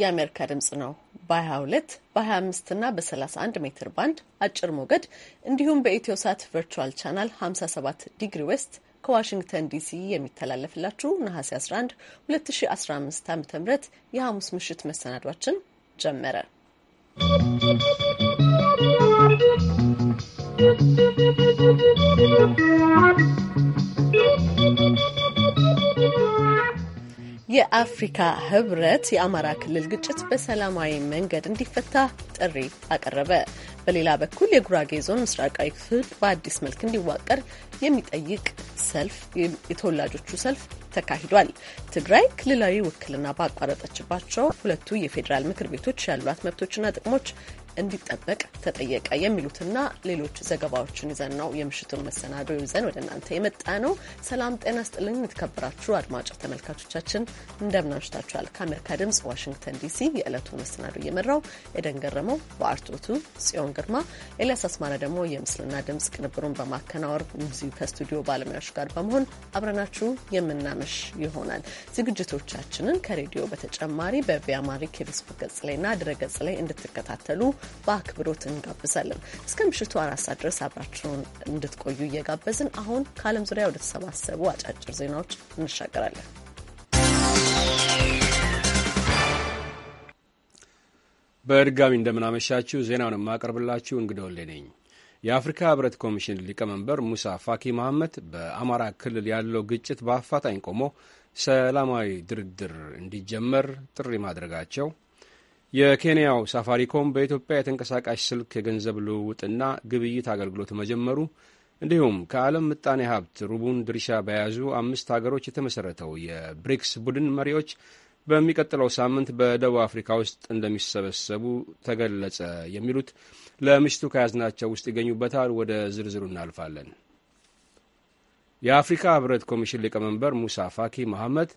የአሜሪካ ድምጽ ነው። በ22 በ25 እና በ31 ሜትር ባንድ አጭር ሞገድ እንዲሁም በኢትዮ ሳት ቨርቹዋል ቻናል 57 ዲግሪ ዌስት ከዋሽንግተን ዲሲ የሚተላለፍላችሁ ነሐሴ 11 2015 ዓ ም የሐሙስ ምሽት መሰናዷችን ጀመረ። ¶¶ የአፍሪካ ህብረት የአማራ ክልል ግጭት በሰላማዊ መንገድ እንዲፈታ ጥሪ አቀረበ። በሌላ በኩል የጉራጌ ዞን ምስራቃዊ ክፍል በአዲስ መልክ እንዲዋቀር የሚጠይቅ ሰልፍ የተወላጆቹ ሰልፍ ተካሂዷል። ትግራይ ክልላዊ ውክልና ባቋረጠችባቸው ሁለቱ የፌዴራል ምክር ቤቶች ያሏት መብቶችና ጥቅሞች እንዲጠበቅ ተጠየቀ የሚሉትና ሌሎች ዘገባዎችን ይዘን ነው የምሽቱን መሰናዶ ይዘን ወደ እናንተ የመጣ ነው። ሰላም ጤና ስጥልኝ የተከበራችሁ አድማጭ ተመልካቾቻችን እንደምናምሽታችኋል። ከአሜሪካ ድምጽ ዋሽንግተን ዲሲ የዕለቱ መሰናዶ እየመራው ኤደን ገረመው፣ በአርቶቱ ጽዮን ግርማ፣ ኤልያስ አስማራ ደግሞ የምስልና ድምጽ ቅንብሩን በማከናወር እዚሁ ከስቱዲዮ ባለሙያዎች ጋር በመሆን አብረናችሁ የምናመሽ ይሆናል። ዝግጅቶቻችንን ከሬዲዮ በተጨማሪ በቪያማሪክ የፌስቡክ ገጽ ላይና ድረ ገጽ ላይ እንድትከታተሉ በአክብሮት እንጋብዛለን። እስከ ምሽቱ አራት ሰዓት ድረስ አብራችሁን እንድትቆዩ እየጋበዝን አሁን ከዓለም ዙሪያ ወደ ተሰባሰቡ አጫጭር ዜናዎች እንሻገራለን። በድጋሚ እንደምናመሻችሁ ዜናውን የማቀርብላችሁ እንግዳ ወሌ ነኝ። የአፍሪካ ህብረት ኮሚሽን ሊቀመንበር ሙሳ ፋኪ መሐመድ በአማራ ክልል ያለው ግጭት በአፋጣኝ ቆሞ ሰላማዊ ድርድር እንዲጀመር ጥሪ ማድረጋቸው የኬንያው ሳፋሪኮም በኢትዮጵያ የተንቀሳቃሽ ስልክ የገንዘብ ልውውጥና ግብይት አገልግሎት መጀመሩ እንዲሁም ከዓለም ምጣኔ ሀብት ሩቡን ድርሻ በያዙ አምስት ሀገሮች የተመሠረተው የብሪክስ ቡድን መሪዎች በሚቀጥለው ሳምንት በደቡብ አፍሪካ ውስጥ እንደሚሰበሰቡ ተገለጸ። የሚሉት ለምሽቱ ከያዝናቸው ውስጥ ይገኙበታል። ወደ ዝርዝሩ እናልፋለን። የአፍሪካ ህብረት ኮሚሽን ሊቀመንበር ሙሳ ፋኪ መሐመድ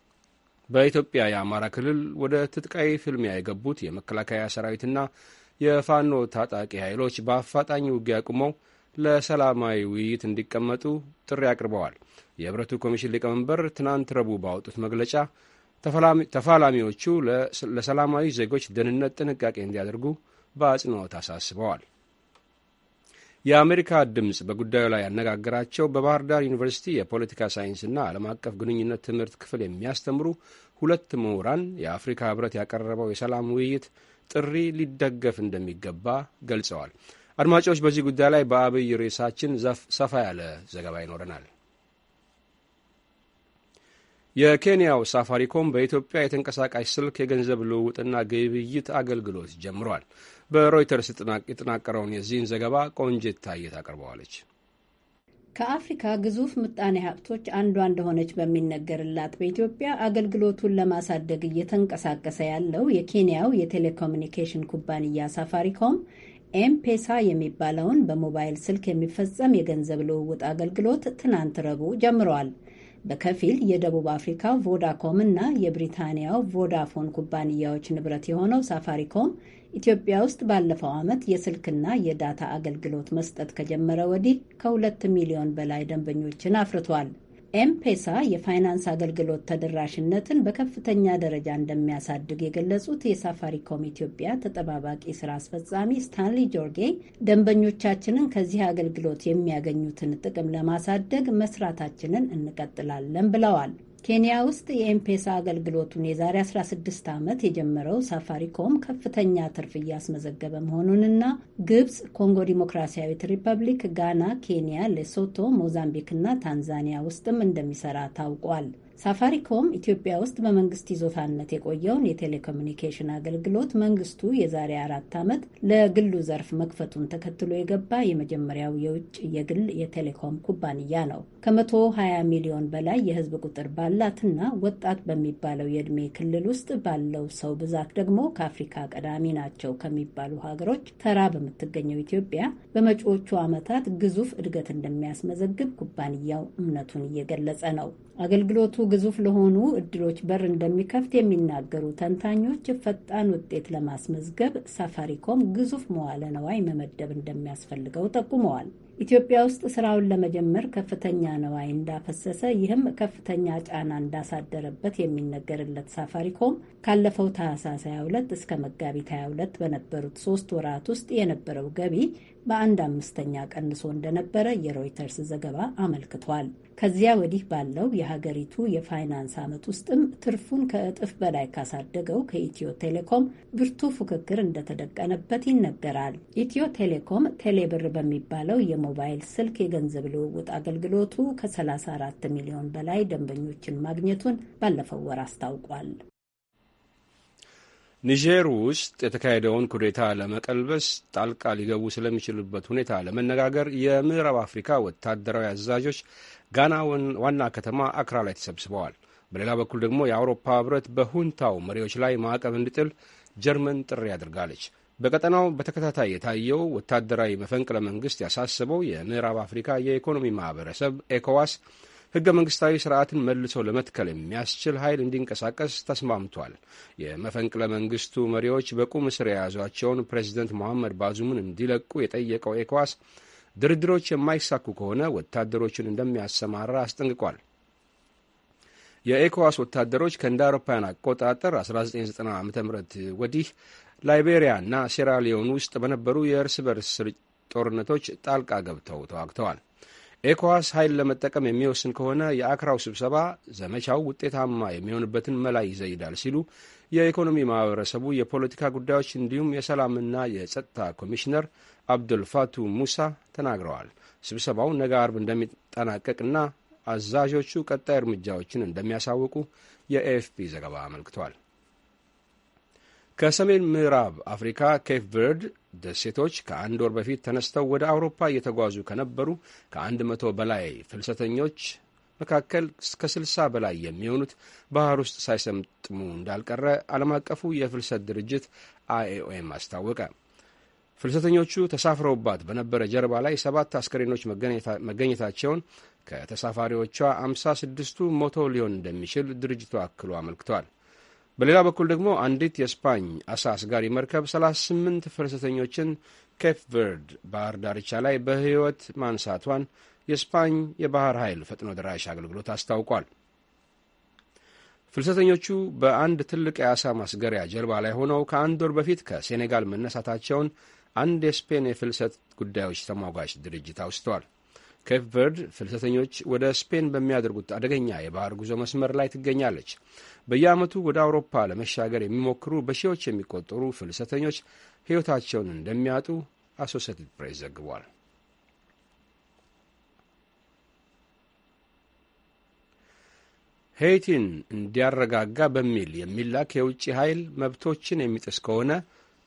በኢትዮጵያ የአማራ ክልል ወደ ትጥቃዊ ፍልሚያ የገቡት የመከላከያ ሰራዊትና የፋኖ ታጣቂ ኃይሎች በአፋጣኝ ውጊያ ቁመው ለሰላማዊ ውይይት እንዲቀመጡ ጥሪ አቅርበዋል። የህብረቱ ኮሚሽን ሊቀመንበር ትናንት ረቡዕ ባወጡት መግለጫ ተፋላሚዎቹ ለሰላማዊ ዜጎች ደህንነት ጥንቃቄ እንዲያደርጉ በአጽንኦት አሳስበዋል። የአሜሪካ ድምፅ በጉዳዩ ላይ ያነጋገራቸው በባህር ዳር ዩኒቨርሲቲ የፖለቲካ ሳይንስና ዓለም አቀፍ ግንኙነት ትምህርት ክፍል የሚያስተምሩ ሁለት ምሁራን የአፍሪካ ህብረት ያቀረበው የሰላም ውይይት ጥሪ ሊደገፍ እንደሚገባ ገልጸዋል። አድማጮች፣ በዚህ ጉዳይ ላይ በአብይ ርዕሳችን ሰፋ ያለ ዘገባ ይኖረናል። የኬንያው ሳፋሪኮም በኢትዮጵያ የተንቀሳቃሽ ስልክ የገንዘብ ልውውጥና ግብይት አገልግሎት ጀምሯል። በሮይተርስ የተጠናቀረውን የዚህን ዘገባ ቆንጅት ታዬ አቅርበዋለች። ከአፍሪካ ግዙፍ ምጣኔ ሀብቶች አንዷ እንደሆነች በሚነገርላት በኢትዮጵያ አገልግሎቱን ለማሳደግ እየተንቀሳቀሰ ያለው የኬንያው የቴሌኮሚኒኬሽን ኩባንያ ሳፋሪኮም ኤምፔሳ የሚባለውን በሞባይል ስልክ የሚፈጸም የገንዘብ ልውውጥ አገልግሎት ትናንት ረቡዕ ጀምረዋል። በከፊል የደቡብ አፍሪካው ቮዳኮም እና የብሪታንያው ቮዳፎን ኩባንያዎች ንብረት የሆነው ሳፋሪኮም ኢትዮጵያ ውስጥ ባለፈው ዓመት የስልክና የዳታ አገልግሎት መስጠት ከጀመረ ወዲህ ከሁለት ሚሊዮን በላይ ደንበኞችን አፍርቷል። ኤምፔሳ የፋይናንስ አገልግሎት ተደራሽነትን በከፍተኛ ደረጃ እንደሚያሳድግ የገለጹት የሳፋሪኮም ኢትዮጵያ ተጠባባቂ ስራ አስፈጻሚ ስታንሊ ጆርጌ ደንበኞቻችንን ከዚህ አገልግሎት የሚያገኙትን ጥቅም ለማሳደግ መስራታችንን እንቀጥላለን ብለዋል። ኬንያ ውስጥ የኤምፔሳ አገልግሎቱን የዛሬ 16 ዓመት የጀመረው ሳፋሪኮም ከፍተኛ ትርፍ እያስመዘገበ መሆኑንና ግብፅ፣ ኮንጎ ዲሞክራሲያዊት ሪፐብሊክ፣ ጋና፣ ኬንያ፣ ሌሶቶ፣ ሞዛምቢክ እና ታንዛኒያ ውስጥም እንደሚሰራ ታውቋል። ሳፋሪኮም ኢትዮጵያ ውስጥ በመንግስት ይዞታነት የቆየውን የቴሌኮሚኒኬሽን አገልግሎት መንግስቱ የዛሬ አራት ዓመት ለግሉ ዘርፍ መክፈቱን ተከትሎ የገባ የመጀመሪያው የውጭ የግል የቴሌኮም ኩባንያ ነው። ከመቶ 20 ሚሊዮን በላይ የህዝብ ቁጥር ባላትና ወጣት በሚባለው የዕድሜ ክልል ውስጥ ባለው ሰው ብዛት ደግሞ ከአፍሪካ ቀዳሚ ናቸው ከሚባሉ ሀገሮች ተራ በምትገኘው ኢትዮጵያ በመጪዎቹ ዓመታት ግዙፍ እድገት እንደሚያስመዘግብ ኩባንያው እምነቱን እየገለጸ ነው። አገልግሎቱ ግዙፍ ለሆኑ እድሎች በር እንደሚከፍት የሚናገሩ ተንታኞች ፈጣን ውጤት ለማስመዝገብ ሳፋሪኮም ግዙፍ መዋለ ነዋይ መመደብ እንደሚያስፈልገው ጠቁመዋል። ኢትዮጵያ ውስጥ ስራውን ለመጀመር ከፍተኛ ነዋይ እንዳፈሰሰ ይህም ከፍተኛ ጫና እንዳሳደረበት የሚነገርለት ሳፋሪኮም ካለፈው ታህሳስ 22 እስከ መጋቢት 22 በነበሩት ሶስት ወራት ውስጥ የነበረው ገቢ በአንድ አምስተኛ ቀንሶ እንደነበረ የሮይተርስ ዘገባ አመልክቷል። ከዚያ ወዲህ ባለው የሀገሪቱ የፋይናንስ ዓመት ውስጥም ትርፉን ከእጥፍ በላይ ካሳደገው ከኢትዮ ቴሌኮም ብርቱ ፉክክር እንደተደቀነበት ይነገራል። ኢትዮ ቴሌኮም ቴሌብር በሚባለው የሞባይል ስልክ የገንዘብ ልውውጥ አገልግሎቱ ከ34 ሚሊዮን በላይ ደንበኞችን ማግኘቱን ባለፈው ወር አስታውቋል። ኒጀር ውስጥ የተካሄደውን ኩዴታ ለመቀልበስ ጣልቃ ሊገቡ ስለሚችሉበት ሁኔታ ለመነጋገር የምዕራብ አፍሪካ ወታደራዊ አዛዦች ጋና ዋና ከተማ አክራ ላይ ተሰብስበዋል። በሌላ በኩል ደግሞ የአውሮፓ ህብረት በሁንታው መሪዎች ላይ ማዕቀብ እንዲጥል ጀርመን ጥሪ አድርጋለች። በቀጠናው በተከታታይ የታየው ወታደራዊ መፈንቅለ መንግስት ያሳሰበው የምዕራብ አፍሪካ የኢኮኖሚ ማህበረሰብ ኤኮዋስ ሕገ መንግስታዊ ስርዓትን መልሶ ለመትከል የሚያስችል ኃይል እንዲንቀሳቀስ ተስማምቷል። የመፈንቅለ መንግስቱ መሪዎች በቁም እስር የያዟቸውን ፕሬዚደንት መሐመድ ባዙምን እንዲለቁ የጠየቀው ኤኳስ ድርድሮች የማይሳኩ ከሆነ ወታደሮቹን እንደሚያሰማራ አስጠንቅቋል። የኤኮዋስ ወታደሮች ከእንደ አውሮፓውያን አቆጣጠር 1990 ዓ ም ወዲህ እና ሴራሊዮን ውስጥ በነበሩ የእርስ በርስ ጦርነቶች ጣልቃ ገብተው ተዋግተዋል። ኤኮዋስ ኃይል ለመጠቀም የሚወስን ከሆነ የአክራው ስብሰባ ዘመቻው ውጤታማ የሚሆንበትን መላ ይዘይዳል ሲሉ የኢኮኖሚ ማህበረሰቡ የፖለቲካ ጉዳዮች እንዲሁም የሰላምና የጸጥታ ኮሚሽነር አብዱልፋቱ ሙሳ ተናግረዋል። ስብሰባው ነገ አርብ እንደሚጠናቀቅና አዛዦቹ ቀጣይ እርምጃዎችን እንደሚያሳውቁ የኤኤፍፒ ዘገባ አመልክቷል። ከሰሜን ምዕራብ አፍሪካ ኬፕ ቨርድ ደሴቶች ከአንድ ወር በፊት ተነስተው ወደ አውሮፓ እየተጓዙ ከነበሩ ከአንድ መቶ በላይ ፍልሰተኞች መካከል እስከ 60 በላይ የሚሆኑት ባህር ውስጥ ሳይሰምጥሙ እንዳልቀረ ዓለም አቀፉ የፍልሰት ድርጅት አይኦኤም አስታወቀ። ፍልሰተኞቹ ተሳፍረውባት በነበረ ጀርባ ላይ ሰባት አስከሬኖች መገኘታቸውን፣ ከተሳፋሪዎቿ 56 ስድስቱ ሞተው ሊሆን እንደሚችል ድርጅቱ አክሎ አመልክቷል። በሌላ በኩል ደግሞ አንዲት የስፓኝ አሳ አስጋሪ መርከብ 38 ፍልሰተኞችን ኬፕ ቨርድ ባህር ዳርቻ ላይ በሕይወት ማንሳቷን የስፓኝ የባህር ኃይል ፈጥኖ ደራሽ አገልግሎት አስታውቋል። ፍልሰተኞቹ በአንድ ትልቅ የአሳ ማስገሪያ ጀልባ ላይ ሆነው ከአንድ ወር በፊት ከሴኔጋል መነሳታቸውን አንድ የስፔን የፍልሰት ጉዳዮች ተሟጋች ድርጅት አውስተዋል። ኬፕ ቨርድ ፍልሰተኞች ወደ ስፔን በሚያደርጉት አደገኛ የባህር ጉዞ መስመር ላይ ትገኛለች። በየዓመቱ ወደ አውሮፓ ለመሻገር የሚሞክሩ በሺዎች የሚቆጠሩ ፍልሰተኞች ሕይወታቸውን እንደሚያጡ አሶሴትድ ፕሬስ ዘግቧል። ሄይቲን እንዲያረጋጋ በሚል የሚላክ የውጭ ኃይል መብቶችን የሚጥስ ከሆነ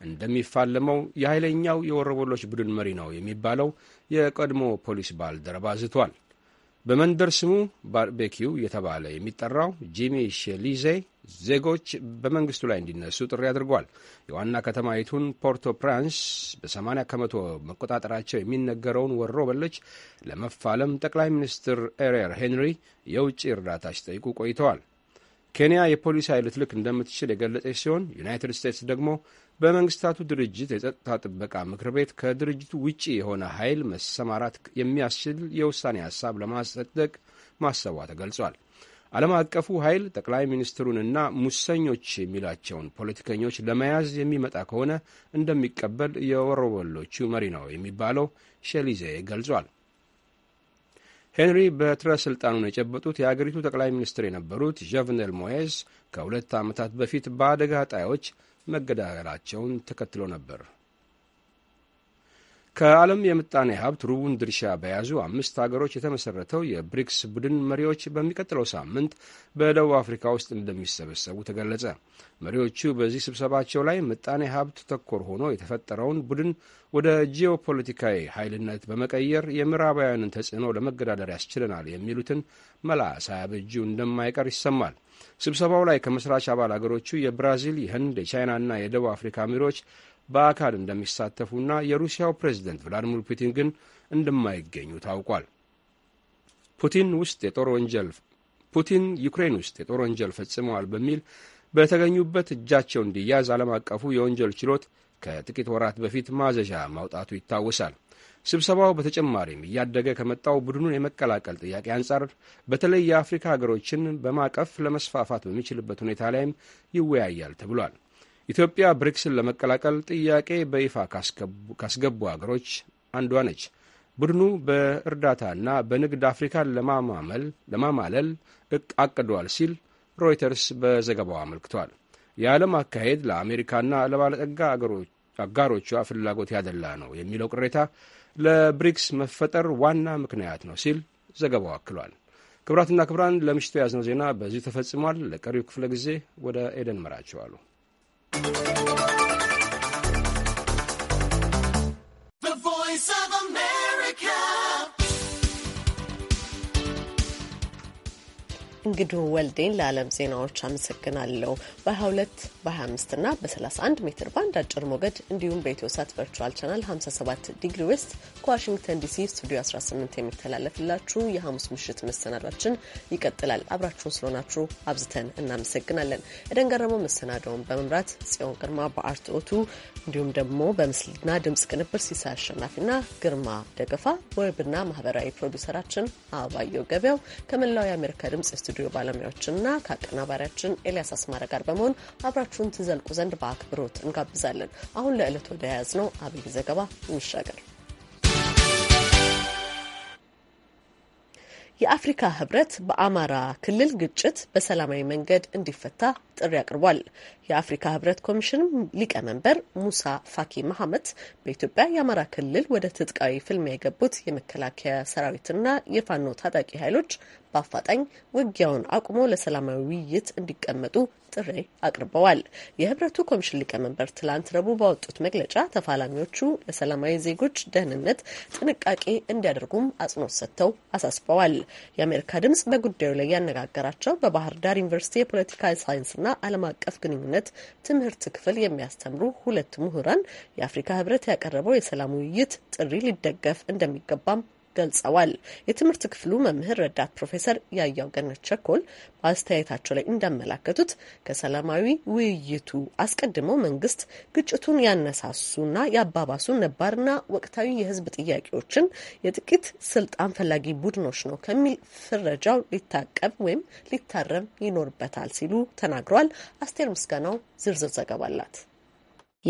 እንደሚፋለመው የኃይለኛው የወሮበሎች ቡድን መሪ ነው የሚባለው የቀድሞ ፖሊስ ባልደረባ ዝቷል። በመንደር ስሙ ባርቤኪው የተባለ የሚጠራው ጂሚ ሼሊዜ ዜጎች በመንግስቱ ላይ እንዲነሱ ጥሪ አድርጓል። የዋና ከተማይቱን ፖርቶ ፕራንስ በ80 ከመቶ መቆጣጠራቸው የሚነገረውን ወሮ በሎች ለመፋለም ጠቅላይ ሚኒስትር ኤሬር ሄንሪ የውጭ እርዳታ ሲጠይቁ ቆይተዋል። ኬንያ የፖሊስ ኃይል ልትልክ እንደምትችል የገለጸች ሲሆን ዩናይትድ ስቴትስ ደግሞ በመንግስታቱ ድርጅት የጸጥታ ጥበቃ ምክር ቤት ከድርጅቱ ውጪ የሆነ ኃይል መሰማራት የሚያስችል የውሳኔ ሀሳብ ለማጸደቅ ማሰቧ ተገልጿል። ዓለም አቀፉ ኃይል ጠቅላይ ሚኒስትሩንና ሙሰኞች የሚላቸውን ፖለቲከኞች ለመያዝ የሚመጣ ከሆነ እንደሚቀበል የወሮበሎቹ መሪ ነው የሚባለው ሼሊዜ ገልጿል። ሄንሪ በትረ ስልጣኑን የጨበጡት የአገሪቱ ጠቅላይ ሚኒስትር የነበሩት ዣቭኔል ሞየዝ ከሁለት ዓመታት በፊት በአደጋ ጣዮች መገዳደራቸውን ተከትሎ ነበር። ከዓለም የምጣኔ ሀብት ሩቡን ድርሻ በያዙ አምስት አገሮች የተመሠረተው የብሪክስ ቡድን መሪዎች በሚቀጥለው ሳምንት በደቡብ አፍሪካ ውስጥ እንደሚሰበሰቡ ተገለጸ። መሪዎቹ በዚህ ስብሰባቸው ላይ ምጣኔ ሀብት ተኮር ሆኖ የተፈጠረውን ቡድን ወደ ጂኦፖለቲካዊ ኃይልነት በመቀየር የምዕራባውያንን ተጽዕኖ ለመገዳደር ያስችለናል የሚሉትን መላ ሳያበጁ እንደማይቀር ይሰማል። ስብሰባው ላይ ከመስራች አባል አገሮቹ የብራዚል፣ የህንድ፣ የቻይናና የደቡብ አፍሪካ መሪዎች በአካል እንደሚሳተፉና የሩሲያው ፕሬዝደንት ቭላዲሚር ፑቲን ግን እንደማይገኙ ታውቋል። ፑቲን ውስጥ የጦር ወንጀል ፑቲን ዩክሬን ውስጥ የጦር ወንጀል ፈጽመዋል በሚል በተገኙበት እጃቸው እንዲያዝ ዓለም አቀፉ የወንጀል ችሎት ከጥቂት ወራት በፊት ማዘዣ ማውጣቱ ይታወሳል። ስብሰባው በተጨማሪም እያደገ ከመጣው ቡድኑን የመቀላቀል ጥያቄ አንጻር በተለይ የአፍሪካ ሀገሮችን በማቀፍ ለመስፋፋት በሚችልበት ሁኔታ ላይም ይወያያል ተብሏል። ኢትዮጵያ ብሪክስን ለመቀላቀል ጥያቄ በይፋ ካስገቡ ሀገሮች አንዷ ነች። ቡድኑ በእርዳታና በንግድ አፍሪካን ለማማለል አቅዷል ሲል ሮይተርስ በዘገባው አመልክቷል። የዓለም አካሄድ ለአሜሪካና ለባለጠጋ አጋሮቿ ፍላጎት ያደላ ነው የሚለው ቅሬታ ለብሪክስ መፈጠር ዋና ምክንያት ነው ሲል ዘገባው አክሏል። ክቡራትና ክቡራን ለምሽቱ የያዝነው ዜና በዚሁ ተፈጽሟል። ለቀሪው ክፍለ ጊዜ ወደ ኤደን መራቸዋሉ። እንግዲህ ወልዴን ለዓለም ዜናዎች አመሰግናለሁ። በ22 በ25 እና በ31 ሜትር ባንድ አጭር ሞገድ እንዲሁም በኢትዮ ሳት ቨርቹዋል ቻናል 57 ዲግሪ ዌስት ከዋሽንግተን ዲሲ ስቱዲዮ 18 የሚተላለፍላችሁ የሐሙስ ምሽት መሰናዷችን ይቀጥላል። አብራችሁን ስለሆናችሁ አብዝተን እናመሰግናለን። ኤደን ገረመው መሰናዳውን በመምራት ጽዮን ግርማ በአርትኦቱ እንዲሁም ደግሞ በምስልና ድምፅ ቅንብር ሲሳ አሸናፊና ግርማ ደገፋ በዌብና ማህበራዊ ፕሮዲውሰራችን አበባየው ገበያው ከመላው የአሜሪካ ድምጽ ከስቱዲዮ ባለሙያዎችና ከአቀናባሪያችን ኤልያስ አስማረ ጋር በመሆን አብራችሁን ትዘልቁ ዘንድ በአክብሮት እንጋብዛለን። አሁን ለዕለት ወደ ያዝ ነው አብይ ዘገባ እንሻገር። የአፍሪካ ህብረት በአማራ ክልል ግጭት በሰላማዊ መንገድ እንዲፈታ ጥሪ አቅርቧል። የአፍሪካ ህብረት ኮሚሽን ሊቀመንበር ሙሳ ፋኪ መሐመት በኢትዮጵያ የአማራ ክልል ወደ ትጥቃዊ ፍልሚያ የገቡት የመከላከያ ሰራዊትና የፋኖ ታጣቂ ኃይሎች በአፋጣኝ ውጊያውን አቁሞ ለሰላማዊ ውይይት እንዲቀመጡ ጥሪ አቅርበዋል። የህብረቱ ኮሚሽን ሊቀመንበር ትላንት ረቡዕ ባወጡት መግለጫ ተፋላሚዎቹ ለሰላማዊ ዜጎች ደህንነት ጥንቃቄ እንዲያደርጉም አጽንኦት ሰጥተው አሳስበዋል። የአሜሪካ ድምጽ በጉዳዩ ላይ ያነጋገራቸው በባህር ዳር ዩኒቨርሲቲ የፖለቲካ ሳይንስ ። ና ዓለም አቀፍ ግንኙነት ትምህርት ክፍል የሚያስተምሩ ሁለት ምሁራን የአፍሪካ ህብረት ያቀረበው የሰላም ውይይት ጥሪ ሊደገፍ እንደሚገባም ገልጸዋል። የትምህርት ክፍሉ መምህር ረዳት ፕሮፌሰር ያያው ገነት ቸኮል በአስተያየታቸው ላይ እንዳመላከቱት ከሰላማዊ ውይይቱ አስቀድመው መንግስት ግጭቱን ያነሳሱና ያባባሱ ነባርና ወቅታዊ የህዝብ ጥያቄዎችን የጥቂት ስልጣን ፈላጊ ቡድኖች ነው ከሚል ፍረጃው ሊታቀብ ወይም ሊታረም ይኖርበታል ሲሉ ተናግረዋል። አስቴር ምስጋናው ዝርዝር ዘገባ አላት።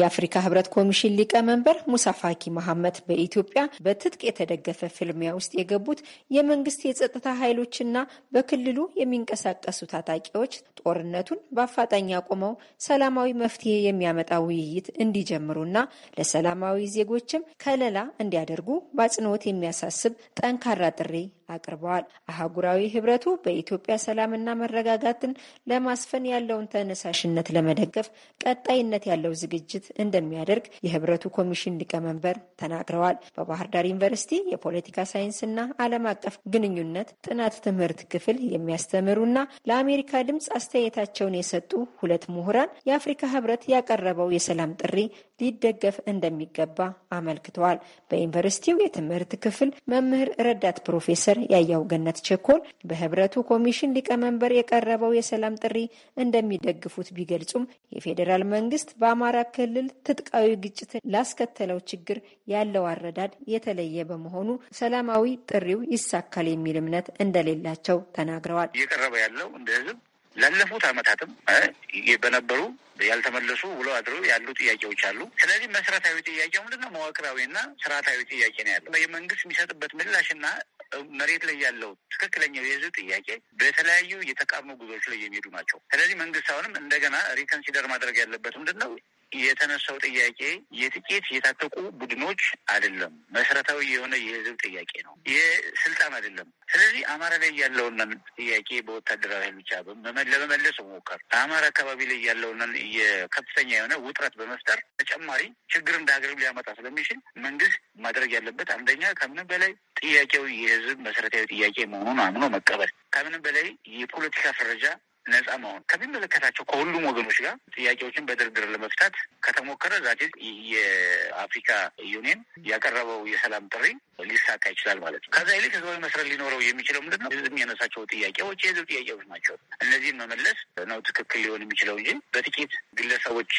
የአፍሪካ ህብረት ኮሚሽን ሊቀመንበር ሙሳ ፋኪ መሐመድ በኢትዮጵያ በትጥቅ የተደገፈ ፍልሚያ ውስጥ የገቡት የመንግስት የጸጥታ ኃይሎችና በክልሉ የሚንቀሳቀሱ ታጣቂዎች ጦርነቱን በአፋጣኝ አቁመው ሰላማዊ መፍትሄ የሚያመጣ ውይይት እንዲጀምሩና ለሰላማዊ ዜጎችም ከለላ እንዲያደርጉ በአጽንኦት የሚያሳስብ ጠንካራ ጥሪ አቅርበዋል። አህጉራዊ ህብረቱ በኢትዮጵያ ሰላምና መረጋጋትን ለማስፈን ያለውን ተነሳሽነት ለመደገፍ ቀጣይነት ያለው ዝግጅት እንደሚያደርግ የህብረቱ ኮሚሽን ሊቀመንበር ተናግረዋል። በባህር ዳር ዩኒቨርሲቲ የፖለቲካ ሳይንስና ዓለም አቀፍ ግንኙነት ጥናት ትምህርት ክፍል የሚያስተምሩና ለአሜሪካ ድምፅ አስተያየታቸውን የሰጡ ሁለት ምሁራን የአፍሪካ ህብረት ያቀረበው የሰላም ጥሪ ሊደገፍ እንደሚገባ አመልክተዋል። በዩኒቨርሲቲው የትምህርት ክፍል መምህር ረዳት ፕሮፌሰር ያያው ገነት ቸኮል በህብረቱ ኮሚሽን ሊቀመንበር የቀረበው የሰላም ጥሪ እንደሚደግፉት ቢገልጹም የፌዴራል መንግስት በአማራ ክልል ትጥቃዊ ግጭት ላስከተለው ችግር ያለው አረዳድ የተለየ በመሆኑ ሰላማዊ ጥሪው ይሳካል የሚል እምነት እንደሌላቸው ተናግረዋል። እየቀረበ ያለው እንደ ህዝብ ላለፉት ዓመታትም በነበሩ ያልተመለሱ ውሎ አድሮ ያሉ ጥያቄዎች አሉ። ስለዚህ መሰረታዊ ጥያቄ ምንድነው? መዋቅራዊና ስርዓታዊ ጥያቄ ነው ያለው። የመንግስት የሚሰጥበት ምላሽና መሬት ላይ ያለው ትክክለኛው የህዝብ ጥያቄ በተለያዩ የተቃርሞ ጉዞዎች ላይ የሚሄዱ ናቸው። ስለዚህ መንግስት አሁንም እንደገና ሪከንሲደር ማድረግ ያለበት ምንድን ነው የተነሳው ጥያቄ የጥቂት የታጠቁ ቡድኖች አይደለም። መሰረታዊ የሆነ የህዝብ ጥያቄ ነው። የስልጣን አይደለም። ስለዚህ አማራ ላይ ያለውን ጥያቄ በወታደራዊ ኃይል ብቻ ለመመለስ መሞከር አማራ አካባቢ ላይ ያለውን የከፍተኛ የሆነ ውጥረት በመፍጠር ተጨማሪ ችግር እንደ ሀገር ሊያመጣ ስለሚችል መንግስት ማድረግ ያለበት አንደኛ ከምንም በላይ ጥያቄው የህዝብ መሰረታዊ ጥያቄ መሆኑን አምኖ መቀበል ከምንም በላይ የፖለቲካ ፍረጃ ነጻ መሆን ከሚመለከታቸው ከሁሉም ወገኖች ጋር ጥያቄዎችን በድርድር ለመፍታት ከተሞከረ ዛቴ የአፍሪካ ዩኒየን ያቀረበው የሰላም ጥሪ ሊሳካ ይችላል ማለት ነው። ከዛ ይልቅ ህዝባዊ መስረት ሊኖረው የሚችለው ምንድን ነው? ህዝብ የነሳቸው ጥያቄዎች የህዝብ ጥያቄዎች ናቸው። እነዚህን መመለስ ነው ትክክል ሊሆን የሚችለው እንጂ በጥቂት ግለሰቦች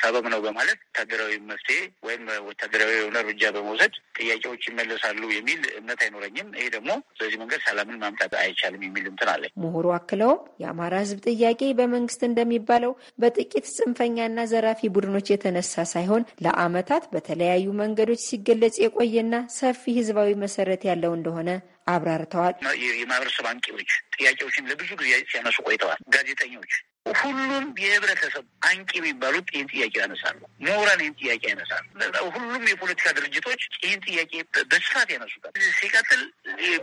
ሰበብ ነው በማለት ወታደራዊ መፍትሄ ወይም ወታደራዊ የሆነ እርምጃ በመውሰድ ጥያቄዎች ይመለሳሉ የሚል እምነት አይኖረኝም። ይሄ ደግሞ በዚህ መንገድ ሰላምን ማምጣት አይቻልም የሚል እንትን አለ ምሁሩ አክለውም የአማራ የአማራ ሕዝብ ጥያቄ በመንግስት እንደሚባለው በጥቂት ጽንፈኛና ዘራፊ ቡድኖች የተነሳ ሳይሆን ለአመታት በተለያዩ መንገዶች ሲገለጽ የቆየና ሰፊ ሕዝባዊ መሰረት ያለው እንደሆነ አብራርተዋል። የማህበረሰብ አንቂዎች ጥያቄዎችን ለብዙ ጊዜ ሲያነሱ ቆይተዋል። ጋዜጠኞች ሁሉም የህብረተሰብ አንቂ የሚባሉት ይህን ጥያቄ ያነሳሉ። ምሁራን ይህን ጥያቄ ያነሳሉ። ሁሉም የፖለቲካ ድርጅቶች ይህን ጥያቄ በስፋት ያነሱታል። ሲቀጥል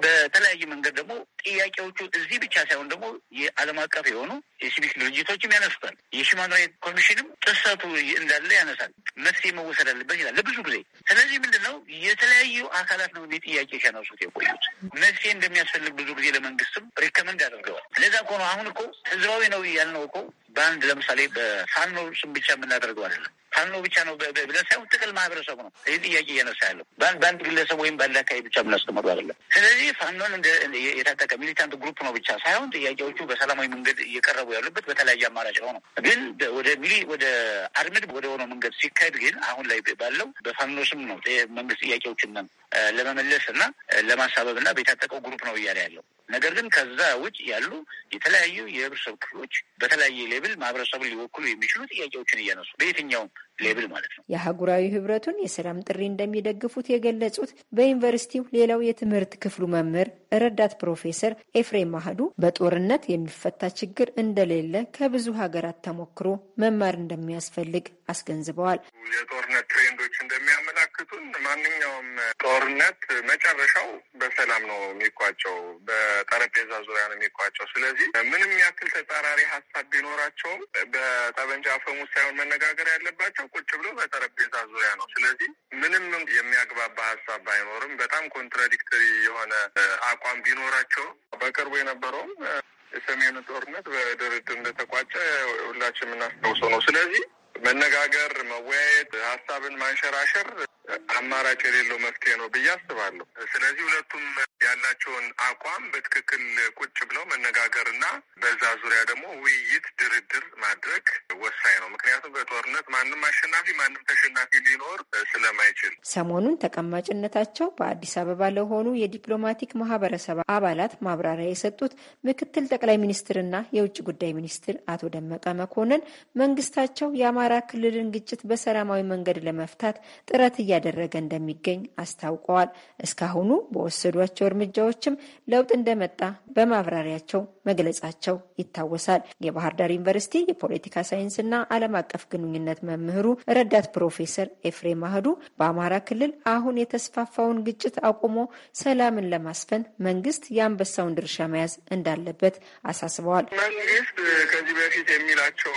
በተለያየ መንገድ ደግሞ ጥያቄዎቹ እዚህ ብቻ ሳይሆን ደግሞ የዓለም አቀፍ የሆኑ የሲቪክ ድርጅቶችም ያነሱታል። የሂውማን ራይት ኮሚሽንም ጥሰቱ እንዳለ ያነሳል። መፍትሄ መወሰድ አለበት ይላል ለብዙ ጊዜ። ስለዚህ ምንድን ነው የተለያዩ አካላት ነው ጥያቄ ሲያነሱት የቆዩት። መፍትሄ እንደሚያስፈልግ ብዙ ጊዜ ለመንግስትም ሪከመንድ አድርገዋል። ለዛ ከሆነ አሁን እኮ ህዝባዊ ነው ያልነው የምናውቀው በአንድ ለምሳሌ በፋኖ ስም ብቻ የምናደርገው አይደለም። ፋኖ ብቻ ነው ብለን ሳይሆን ጥቅል ማህበረሰቡ ነው ይህ ጥያቄ እያነሳ ያለው በአንድ ግለሰብ ወይም በአንድ አካባቢ ብቻ የምናስቀምጡ አይደለም። ስለዚህ ፋኖን የታጠቀ ሚሊታንት ግሩፕ ነው ብቻ ሳይሆን ጥያቄዎቹ በሰላማዊ መንገድ እየቀረቡ ያሉበት በተለያየ አማራጭ ሆነው ግን ወደ ሚሊ ወደ አድምድ ወደ ሆነው መንገድ ሲካሄድ ግን አሁን ላይ ባለው በፋኖ ስም ነው መንግስት ጥያቄዎችን ለመመለስ እና ለማሳበብ እና በየታጠቀው ግሩፕ ነው እያለ ያለው ነገር ግን ከዛ ውጭ ያሉ የተለያዩ የህብረተሰብ ክፍሎች በተለያየ ሌብል ማህበረሰቡን ሊወክሉ የሚችሉ ጥያቄዎችን እያነሱ በየትኛውም ሌብል ማለት ነው። የአህጉራዊ ህብረቱን የሰላም ጥሪ እንደሚደግፉት የገለጹት በዩኒቨርሲቲው ሌላው የትምህርት ክፍሉ መምህር ረዳት ፕሮፌሰር ኤፍሬም ማህዱ በጦርነት የሚፈታ ችግር እንደሌለ ከብዙ ሀገራት ተሞክሮ መማር እንደሚያስፈልግ አስገንዝበዋል። የጦርነት ትሬንዶች እንደሚያመላክቱን ማንኛውም ጦርነት መጨረሻው በሰላም ነው የሚቋጨው፣ በጠረጴዛ ዙሪያ ነው የሚቋጨው። ስለዚህ ምንም ያክል ተጻራሪ ሀሳብ ቢኖራቸውም በጠበንጃ አፈሙዝ ሳይሆን መነጋገር ያለባቸው ቁጭ ብሎ በጠረጴዛ ዙሪያ ነው። ስለዚህ ምንም የሚያግባባ ሀሳብ ባይኖርም በጣም ኮንትራዲክተሪ የሆነ አቋም ቢኖራቸው በቅርቡ የነበረውም የሰሜኑ ጦርነት በድርድር እንደተቋጨ ሁላችን የምናስታውሰው ነው። ስለዚህ መነጋገር፣ መወያየት፣ ሀሳብን ማንሸራሸር አማራጭ የሌለው መፍትሄ ነው ብዬ አስባለሁ። ስለዚህ ሁለቱም ያላቸውን አቋም በትክክል ቁጭ ብለው መነጋገር እና በዛ ዙሪያ ደግሞ ውይይት፣ ድርድር ማድረግ ወሳኝ ነው። ምክንያቱም በጦርነት ማንም አሸናፊ ማንም ተሸናፊ ሊኖር ስለማይችል ሰሞኑን ተቀማጭነታቸው በአዲስ አበባ ለሆኑ የዲፕሎማቲክ ማህበረሰብ አባላት ማብራሪያ የሰጡት ምክትል ጠቅላይ ሚኒስትርና የውጭ ጉዳይ ሚኒስትር አቶ ደመቀ መኮንን መንግስታቸው የአማራ ክልልን ግጭት በሰላማዊ መንገድ ለመፍታት ጥረት እያ እያደረገ እንደሚገኝ አስታውቀዋል። እስካሁኑ በወሰዷቸው እርምጃዎችም ለውጥ እንደመጣ በማብራሪያቸው መግለጻቸው ይታወሳል። የባህር ዳር ዩኒቨርሲቲ የፖለቲካ ሳይንስና ዓለም አቀፍ ግንኙነት መምህሩ ረዳት ፕሮፌሰር ኤፍሬም አህዱ በአማራ ክልል አሁን የተስፋፋውን ግጭት አቁሞ ሰላምን ለማስፈን መንግስት የአንበሳውን ድርሻ መያዝ እንዳለበት አሳስበዋል። መንግስት ከዚህ በፊት የሚላቸው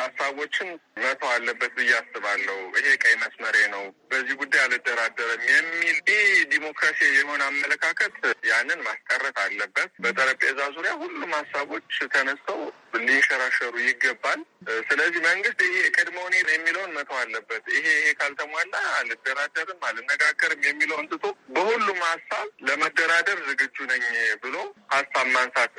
ሀሳቦችን መተው አለበት ብዬ አስባለሁ። ይሄ ቀይ መስመሬ ነው፣ በዚህ ጉዳይ አልደራደርም የሚል ይህ ዲሞክራሲ የሆነ አመለካከት ያንን ማስቀረት አለበት። በጠረጴዛ ዙሪያ ሁሉም ሀሳቦች ተነስተው ሊንሸራሸሩ ይገባል። ስለዚህ መንግስት ይሄ ቅድመ የሚለውን መተው አለበት። ይሄ ይሄ ካልተሟላ አልደራደርም፣ አልነጋገርም የሚለውን ትቶ በሁሉም ሀሳብ ለመደራደር ዝግጁ ነኝ ብሎ ሀሳብ ማንሳት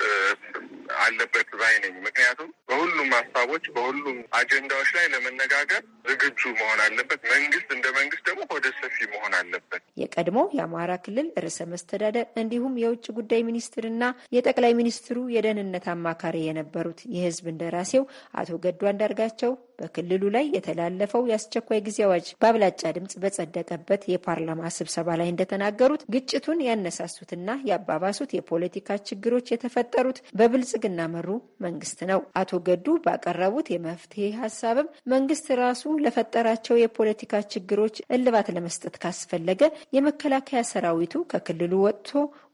አለበት ባይ ነኝ። ምክንያቱም በሁሉም ሀሳቦች በሁሉ አጀንዳዎች ላይ ለመነጋገር ዝግጁ መሆን አለበት። መንግስት እንደ መንግስት ደግሞ ወደ መሆን አለበት። የቀድሞ የአማራ ክልል ርዕሰ መስተዳደር እንዲሁም የውጭ ጉዳይ ሚኒስትርና የጠቅላይ ሚኒስትሩ የደህንነት አማካሪ የነበሩት የህዝብ እንደራሴው አቶ ገዱ አንዳርጋቸው በክልሉ ላይ የተላለፈው የአስቸኳይ ጊዜ አዋጅ በአብላጫ ድምፅ በጸደቀበት የፓርላማ ስብሰባ ላይ እንደተናገሩት ግጭቱን ያነሳሱትና ያባባሱት የፖለቲካ ችግሮች የተፈጠሩት በብልጽግና መሩ መንግስት ነው። አቶ ገዱ ባቀረቡት የመፍትሄ ሀሳብም መንግስት ራሱ ለፈጠራቸው የፖለቲካ ችግሮች እልባት ለመስጠት ካስፈለገ የመከላከያ ሰራዊቱ ከክልሉ ወጥቶ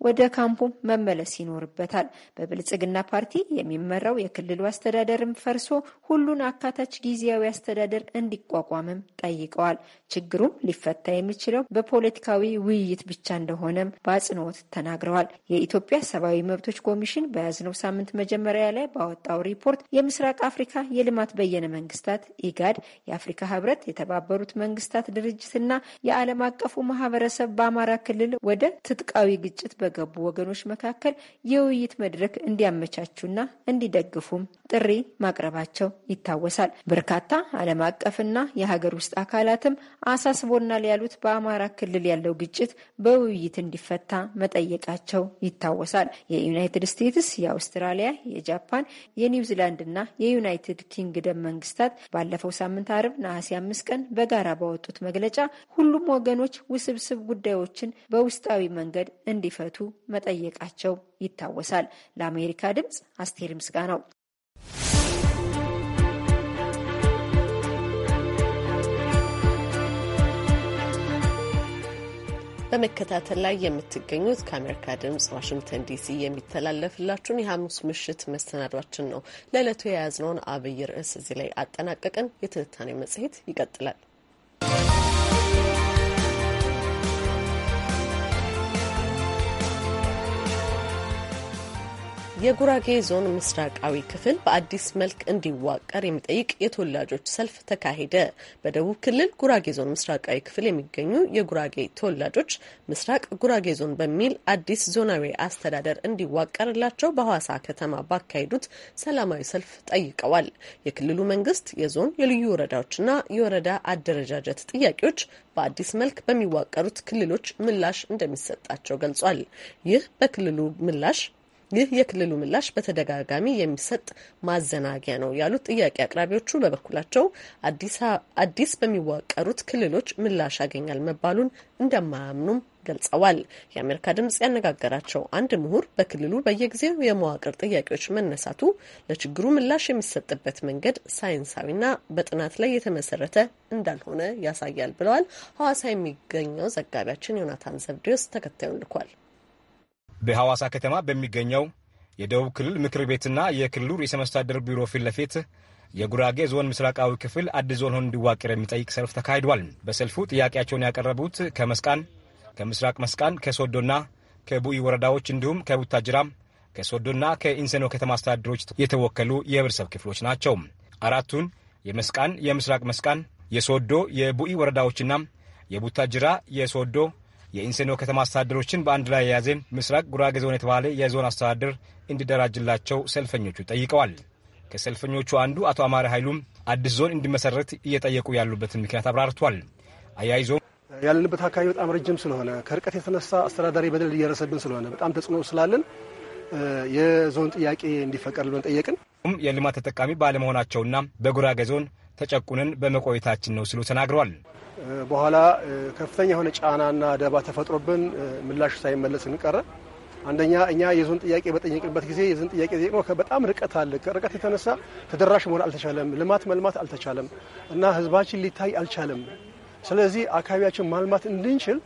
ወደ ካምፑ መመለስ ይኖርበታል። በብልጽግና ፓርቲ የሚመራው የክልሉ አስተዳደርም ፈርሶ ሁሉን አካታች ጊዜያዊ አስተዳደር እንዲቋቋምም ጠይቀዋል። ችግሩም ሊፈታ የሚችለው በፖለቲካዊ ውይይት ብቻ እንደሆነም በአጽንኦት ተናግረዋል። የኢትዮጵያ ሰብአዊ መብቶች ኮሚሽን በያዝነው ሳምንት መጀመሪያ ላይ ባወጣው ሪፖርት የምስራቅ አፍሪካ የልማት በየነ መንግስታት ኢጋድ፣ የአፍሪካ ህብረት፣ የተባበሩት መንግስታት ድርጅትና የዓለም አቀፉ ማህበረሰብ በአማራ ክልል ወደ ትጥቃዊ ግጭት በ በገቡ ወገኖች መካከል የውይይት መድረክ እንዲያመቻቹና እንዲደግፉም ጥሪ ማቅረባቸው ይታወሳል። በርካታ ዓለም አቀፍና የሀገር ውስጥ አካላትም አሳስቦናል ያሉት በአማራ ክልል ያለው ግጭት በውይይት እንዲፈታ መጠየቃቸው ይታወሳል። የዩናይትድ ስቴትስ፣ የአውስትራሊያ፣ የጃፓን፣ የኒውዚላንድ እና የዩናይትድ ኪንግደም መንግስታት ባለፈው ሳምንት አርብ ነሐሴ አምስት ቀን በጋራ ባወጡት መግለጫ ሁሉም ወገኖች ውስብስብ ጉዳዮችን በውስጣዊ መንገድ እንዲፈቱ እንዲያመቻቹ መጠየቃቸው ይታወሳል። ለአሜሪካ ድምፅ አስቴር ምስጋናው። በመከታተል ላይ የምትገኙት ከአሜሪካ ድምጽ ዋሽንግተን ዲሲ የሚተላለፍላችሁን የሐሙስ ምሽት መሰናዷችን ነው። ለዕለቱ የያዝነውን አብይ ርዕስ እዚህ ላይ አጠናቀቅን። የትንታኔ መጽሔት ይቀጥላል። የጉራጌ ዞን ምስራቃዊ ክፍል በአዲስ መልክ እንዲዋቀር የሚጠይቅ የተወላጆች ሰልፍ ተካሄደ። በደቡብ ክልል ጉራጌ ዞን ምስራቃዊ ክፍል የሚገኙ የጉራጌ ተወላጆች ምስራቅ ጉራጌ ዞን በሚል አዲስ ዞናዊ አስተዳደር እንዲዋቀርላቸው በሐዋሳ ከተማ ባካሄዱት ሰላማዊ ሰልፍ ጠይቀዋል። የክልሉ መንግስት የዞን የልዩ ወረዳዎችና የወረዳ አደረጃጀት ጥያቄዎች በአዲስ መልክ በሚዋቀሩት ክልሎች ምላሽ እንደሚሰጣቸው ገልጿል። ይህ በክልሉ ምላሽ ይህ የክልሉ ምላሽ በተደጋጋሚ የሚሰጥ ማዘናጊያ ነው ያሉት ጥያቄ አቅራቢዎቹ በበኩላቸው አዲስ በሚዋቀሩት ክልሎች ምላሽ ያገኛል መባሉን እንደማያምኑም ገልጸዋል። የአሜሪካ ድምጽ ያነጋገራቸው አንድ ምሁር በክልሉ በየጊዜው የመዋቅር ጥያቄዎች መነሳቱ ለችግሩ ምላሽ የሚሰጥበት መንገድ ሳይንሳዊና በጥናት ላይ የተመሰረተ እንዳልሆነ ያሳያል ብለዋል። ሐዋሳ የሚገኘው ዘጋቢያችን ዮናታን ዘብዴዎስ ተከታዩን ልኳል። በሐዋሳ ከተማ በሚገኘው የደቡብ ክልል ምክር ቤትና የክልሉ ርዕሰ መስተዳድር ቢሮ ፊት ለፊት የጉራጌ ዞን ምስራቃዊ ክፍል አዲስ ዞን ሆኖ እንዲዋቀር የሚጠይቅ ሰልፍ ተካሂዷል። በሰልፉ ጥያቄያቸውን ያቀረቡት ከመስቃን፣ ከምስራቅ መስቃን፣ ከሶዶና ከቡኢ ወረዳዎች እንዲሁም ከቡታጅራም ከሶዶና ከኢንሰኖ ከተማ አስተዳደሮች የተወከሉ የህብረተሰብ ክፍሎች ናቸው። አራቱን የመስቃን፣ የምስራቅ መስቃን፣ የሶዶ፣ የቡኢ ወረዳዎችና የቡታጅራ፣ የሶዶ፣ የኢንሴኖ ከተማ አስተዳደሮችን በአንድ ላይ የያዘ ምስራቅ ጉራጌ ዞን የተባለ የዞን አስተዳደር እንዲደራጅላቸው ሰልፈኞቹ ጠይቀዋል። ከሰልፈኞቹ አንዱ አቶ አማረ ኃይሉም አዲስ ዞን እንዲመሰረት እየጠየቁ ያሉበትን ምክንያት አብራርቷል። አያይዞ ያለንበት አካባቢ በጣም ረጅም ስለሆነ ከርቀት የተነሳ አስተዳዳሪ በደል እየደረሰብን ስለሆነ በጣም ተጽዕኖ ስላለን የዞን ጥያቄ ብለን ጠየቅን። የልማት ተጠቃሚ ባለመሆናቸውና በጉራጌ ዞን ተጨቁነን በመቆየታችን ነው ሲሉ ተናግረዋል። በኋላ ከፍተኛ የሆነ ጫናና ደባ ተፈጥሮብን ምላሽ ሳይመለስ እንቀረ። አንደኛ እኛ የዞን ጥያቄ በጠየቅንበት ጊዜ የዞን ጥያቄ ጠየቅነው በጣም ርቀት አለ። ከርቀት የተነሳ ተደራሽ መሆን አልተቻለም፣ ልማት መልማት አልተቻለም እና ህዝባችን ሊታይ አልቻለም። ስለዚህ አካባቢያችን ማልማት እንድንችል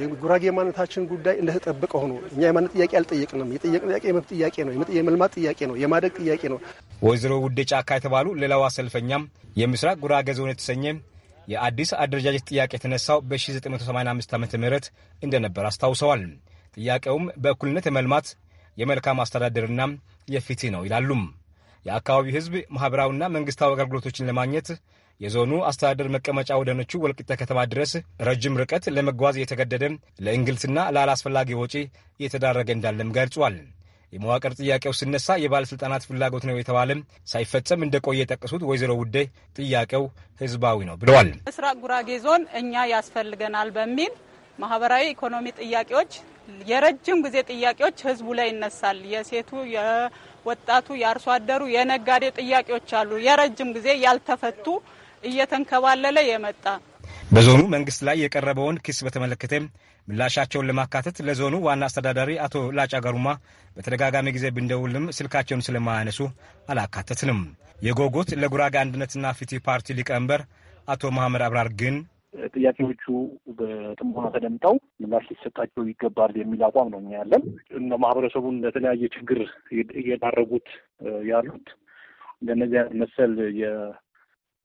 የጉራጌ ማንነታችን ጉዳይ እንደተጠበቀ ሆኖ እኛ የማንነት ጥያቄ አልጠየቅንም። የጠየቅ ጥያቄ የመብት ጥያቄ ነው፣ የመልማት ጥያቄ ነው፣ የማደግ ጥያቄ ነው። ወይዘሮ ውዴ ጫካ የተባሉ ሌላዋ ሰልፈኛም የምስራቅ ጉራጌ ዞን የተሰኘ የአዲስ አደረጃጀት ጥያቄ የተነሳው በ1985 ዓ ም እንደነበር አስታውሰዋል። ጥያቄውም በእኩልነት የመልማት የመልካም አስተዳደርና የፍትህ ነው ይላሉም። የአካባቢው ህዝብ ማኅበራዊና መንግሥታዊ አገልግሎቶችን ለማግኘት የዞኑ አስተዳደር መቀመጫ ወደኖቹ ወልቂጤ ከተማ ድረስ ረጅም ርቀት ለመጓዝ እየተገደደ ለእንግልትና ለአላስፈላጊ ወጪ እየተዳረገ እንዳለም ገልጿል። የመዋቅር ጥያቄው ስነሳ የባለስልጣናት ፍላጎት ነው የተባለም ሳይፈጸም እንደቆየ የጠቀሱት ወይዘሮ ውዴ ጥያቄው ህዝባዊ ነው ብለዋል። ምስራቅ ጉራጌ ዞን እኛ ያስፈልገናል በሚል ማህበራዊ ኢኮኖሚ ጥያቄዎች የረጅም ጊዜ ጥያቄዎች ህዝቡ ላይ ይነሳል። የሴቱ፣ የወጣቱ፣ የአርሶ አደሩ፣ የነጋዴ ጥያቄዎች አሉ። የረጅም ጊዜ ያልተፈቱ እየተንከባለለ የመጣ በዞኑ መንግስት ላይ የቀረበውን ክስ በተመለከተ ምላሻቸውን ለማካተት ለዞኑ ዋና አስተዳዳሪ አቶ ላጫ ገሩማ በተደጋጋሚ ጊዜ ብንደውልም ስልካቸውን ስለማያነሱ አላካተትንም። የጎጎት ለጉራጌ አንድነትና ፍትህ ፓርቲ ሊቀመንበር አቶ መሐመድ አብራር ግን ጥያቄዎቹ በጥሞና ተደምጠው ምላሽ ሊሰጣቸው ይገባል የሚል አቋም ነው እኛ ያለን እና ማህበረሰቡን ለተለያየ ችግር እየዳረጉት ያሉት እንደነዚህ አይነት መሰል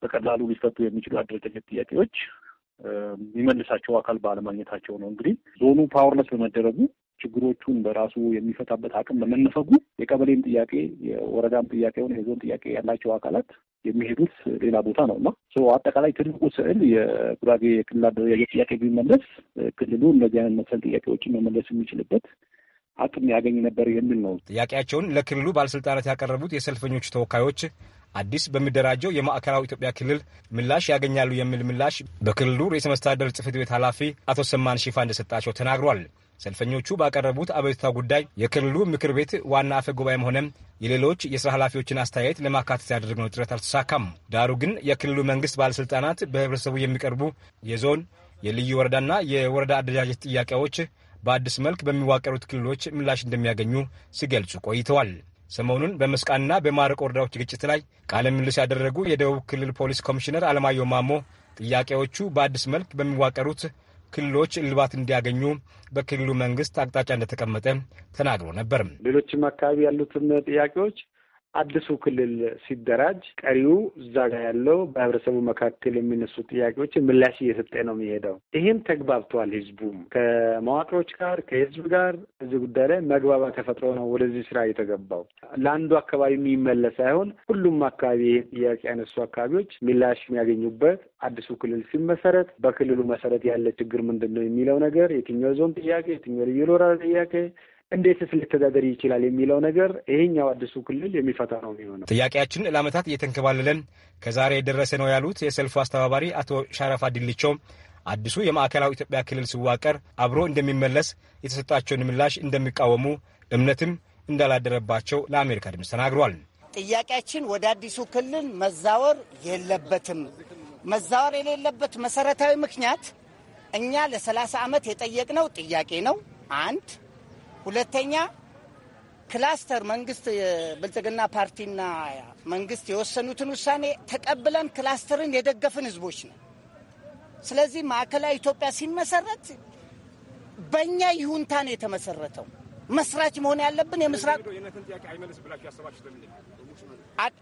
በቀላሉ ሊፈቱ የሚችሉ አደረጃጀት ጥያቄዎች የሚመልሳቸው አካል ባለማግኘታቸው ነው። እንግዲህ ዞኑ ፓወርለስ በመደረጉ ችግሮቹን በራሱ የሚፈታበት አቅም በመነፈጉ የቀበሌም ጥያቄ የወረዳም ጥያቄ ሆነ የዞን ጥያቄ ያላቸው አካላት የሚሄዱት ሌላ ቦታ ነው እና አጠቃላይ ትልቁ ስዕል የጉራጌ የክልል አደረጃጀት ጥያቄ ቢመለስ ክልሉ እነዚህ አይነት መሰል ጥያቄዎችን መመለስ የሚችልበት አቅም ያገኝ ነበር የሚል ነው። ጥያቄያቸውን ለክልሉ ባለስልጣናት ያቀረቡት የሰልፈኞቹ ተወካዮች አዲስ በሚደራጀው የማዕከላዊ ኢትዮጵያ ክልል ምላሽ ያገኛሉ የሚል ምላሽ በክልሉ ርዕሰ መስተዳደር ጽሕፈት ቤት ኃላፊ አቶ ሰማን ሽፋ እንደሰጣቸው ተናግሯል። ሰልፈኞቹ ባቀረቡት አቤቱታ ጉዳይ የክልሉ ምክር ቤት ዋና አፈ ጉባኤም ሆነ የሌሎች የሥራ ኃላፊዎችን አስተያየት ለማካተት ያደረግነው ጥረት አልተሳካም። ዳሩ ግን የክልሉ መንግሥት ባለሥልጣናት በህብረተሰቡ የሚቀርቡ የዞን የልዩ ወረዳና የወረዳ አደረጃጀት ጥያቄዎች በአዲስ መልክ በሚዋቀሩት ክልሎች ምላሽ እንደሚያገኙ ሲገልጹ ቆይተዋል። ሰሞኑን በመስቃንና በማረቆ ወረዳዎች ግጭት ላይ ቃለ ምልልስ ያደረጉ የደቡብ ክልል ፖሊስ ኮሚሽነር አለማየሁ ማሞ ጥያቄዎቹ በአዲስ መልክ በሚዋቀሩት ክልሎች እልባት እንዲያገኙ በክልሉ መንግስት አቅጣጫ እንደተቀመጠ ተናግሮ ነበር። ሌሎችም አካባቢ ያሉትን ጥያቄዎች አዲሱ ክልል ሲደራጅ ቀሪው እዛ ጋር ያለው በህብረተሰቡ መካከል የሚነሱ ጥያቄዎችን ምላሽ እየሰጠ ነው የሚሄደው። ይህም ተግባብቷል። ህዝቡም ከመዋቅሮች ጋር ከህዝብ ጋር እዚህ ጉዳይ ላይ መግባባት ተፈጥሮ ነው ወደዚህ ስራ የተገባው። ለአንዱ አካባቢ የሚመለስ ሳይሆን ሁሉም አካባቢ ይህን ጥያቄ ያነሱ አካባቢዎች ምላሽ የሚያገኙበት አዲሱ ክልል ሲመሰረት በክልሉ መሰረት ያለ ችግር ምንድን ነው የሚለው ነገር የትኛው ዞን ጥያቄ፣ የትኛው ልዩ ወረዳ ጥያቄ እንዴትስ ሊተዳደር ይችላል የሚለው ነገር ይሄኛው አዲሱ ክልል የሚፈታ ነው የሚሆነው። ጥያቄያችን ለዓመታት እየተንከባለለን ከዛሬ የደረሰ ነው ያሉት የሰልፉ አስተባባሪ አቶ ሻረፋ ድልቾ አዲሱ የማዕከላዊ ኢትዮጵያ ክልል ሲዋቀር አብሮ እንደሚመለስ የተሰጣቸውን ምላሽ እንደሚቃወሙ እምነትም እንዳላደረባቸው ለአሜሪካ ድምፅ ተናግሯል። ጥያቄያችን ወደ አዲሱ ክልል መዛወር የለበትም። መዛወር የሌለበት መሰረታዊ ምክንያት እኛ ለሰላሳ ዓመት የጠየቅነው ጥያቄ ነው። አንድ ሁለተኛ ክላስተር መንግስት ብልጽግና ፓርቲና መንግስት የወሰኑትን ውሳኔ ተቀብለን ክላስተርን የደገፍን ህዝቦች ነው። ስለዚህ ማዕከላዊ ኢትዮጵያ ሲመሰረት በእኛ ይሁንታ ነው የተመሰረተው። መስራች መሆን ያለብን የምስራቅ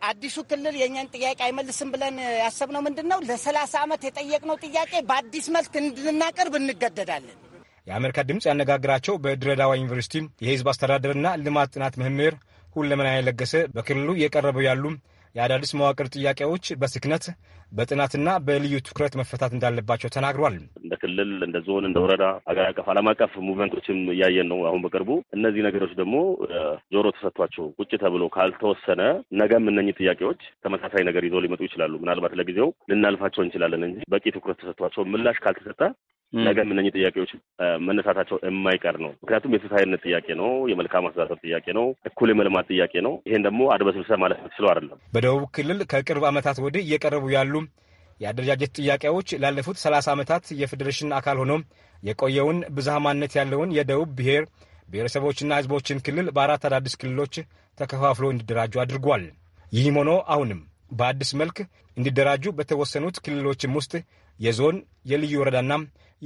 አዲሱ ክልል የእኛን ጥያቄ አይመልስም ብለን ያሰብነው ምንድን ነው? ለሰላሳ ዓመት የጠየቅነው ጥያቄ በአዲስ መልክ እንድናቀርብ እንገደዳለን። የአሜሪካ ድምፅ ያነጋግራቸው በድሬዳዋ ዩኒቨርሲቲ የህዝብ አስተዳደርና ልማት ጥናት መምህር ሁለመና የለገሰ በክልሉ እየቀረበው ያሉ የአዳዲስ መዋቅር ጥያቄዎች በስክነት በጥናትና በልዩ ትኩረት መፈታት እንዳለባቸው ተናግሯል። እንደ ክልል፣ እንደ ዞን፣ እንደ ወረዳ አገር አቀፍ፣ ዓለም አቀፍ ሙቭመንቶችም እያየን ነው። አሁን በቅርቡ እነዚህ ነገሮች ደግሞ ጆሮ ተሰጥቷቸው ቁጭ ተብሎ ካልተወሰነ ነገም እነኚህ ጥያቄዎች ተመሳሳይ ነገር ይዘው ሊመጡ ይችላሉ። ምናልባት ለጊዜው ልናልፋቸው እንችላለን እንጂ በቂ ትኩረት ተሰጥቷቸው ምላሽ ካልተሰጠ ነገም እነኚህ ጥያቄዎች መነሳታቸው የማይቀር ነው። ምክንያቱም የፍትሐዊነት ጥያቄ ነው፣ የመልካም አስተሳሰብ ጥያቄ ነው፣ እኩል የመልማት ጥያቄ ነው። ይሄን ደግሞ አድበስብሰ ማለት ስለ አይደለም። በደቡብ ክልል ከቅርብ ዓመታት ወዲህ እየቀረቡ ያሉ የአደረጃጀት ጥያቄዎች ላለፉት ሰላሳ ዓመታት የፌዴሬሽን አካል ሆኖ የቆየውን ብዝሃ ማንነት ያለውን የደቡብ ብሔር ብሔረሰቦችና ህዝቦችን ክልል በአራት አዳዲስ ክልሎች ተከፋፍሎ እንዲደራጁ አድርጓል። ይህም ሆኖ አሁንም በአዲስ መልክ እንዲደራጁ በተወሰኑት ክልሎችም ውስጥ የዞን የልዩ ወረዳና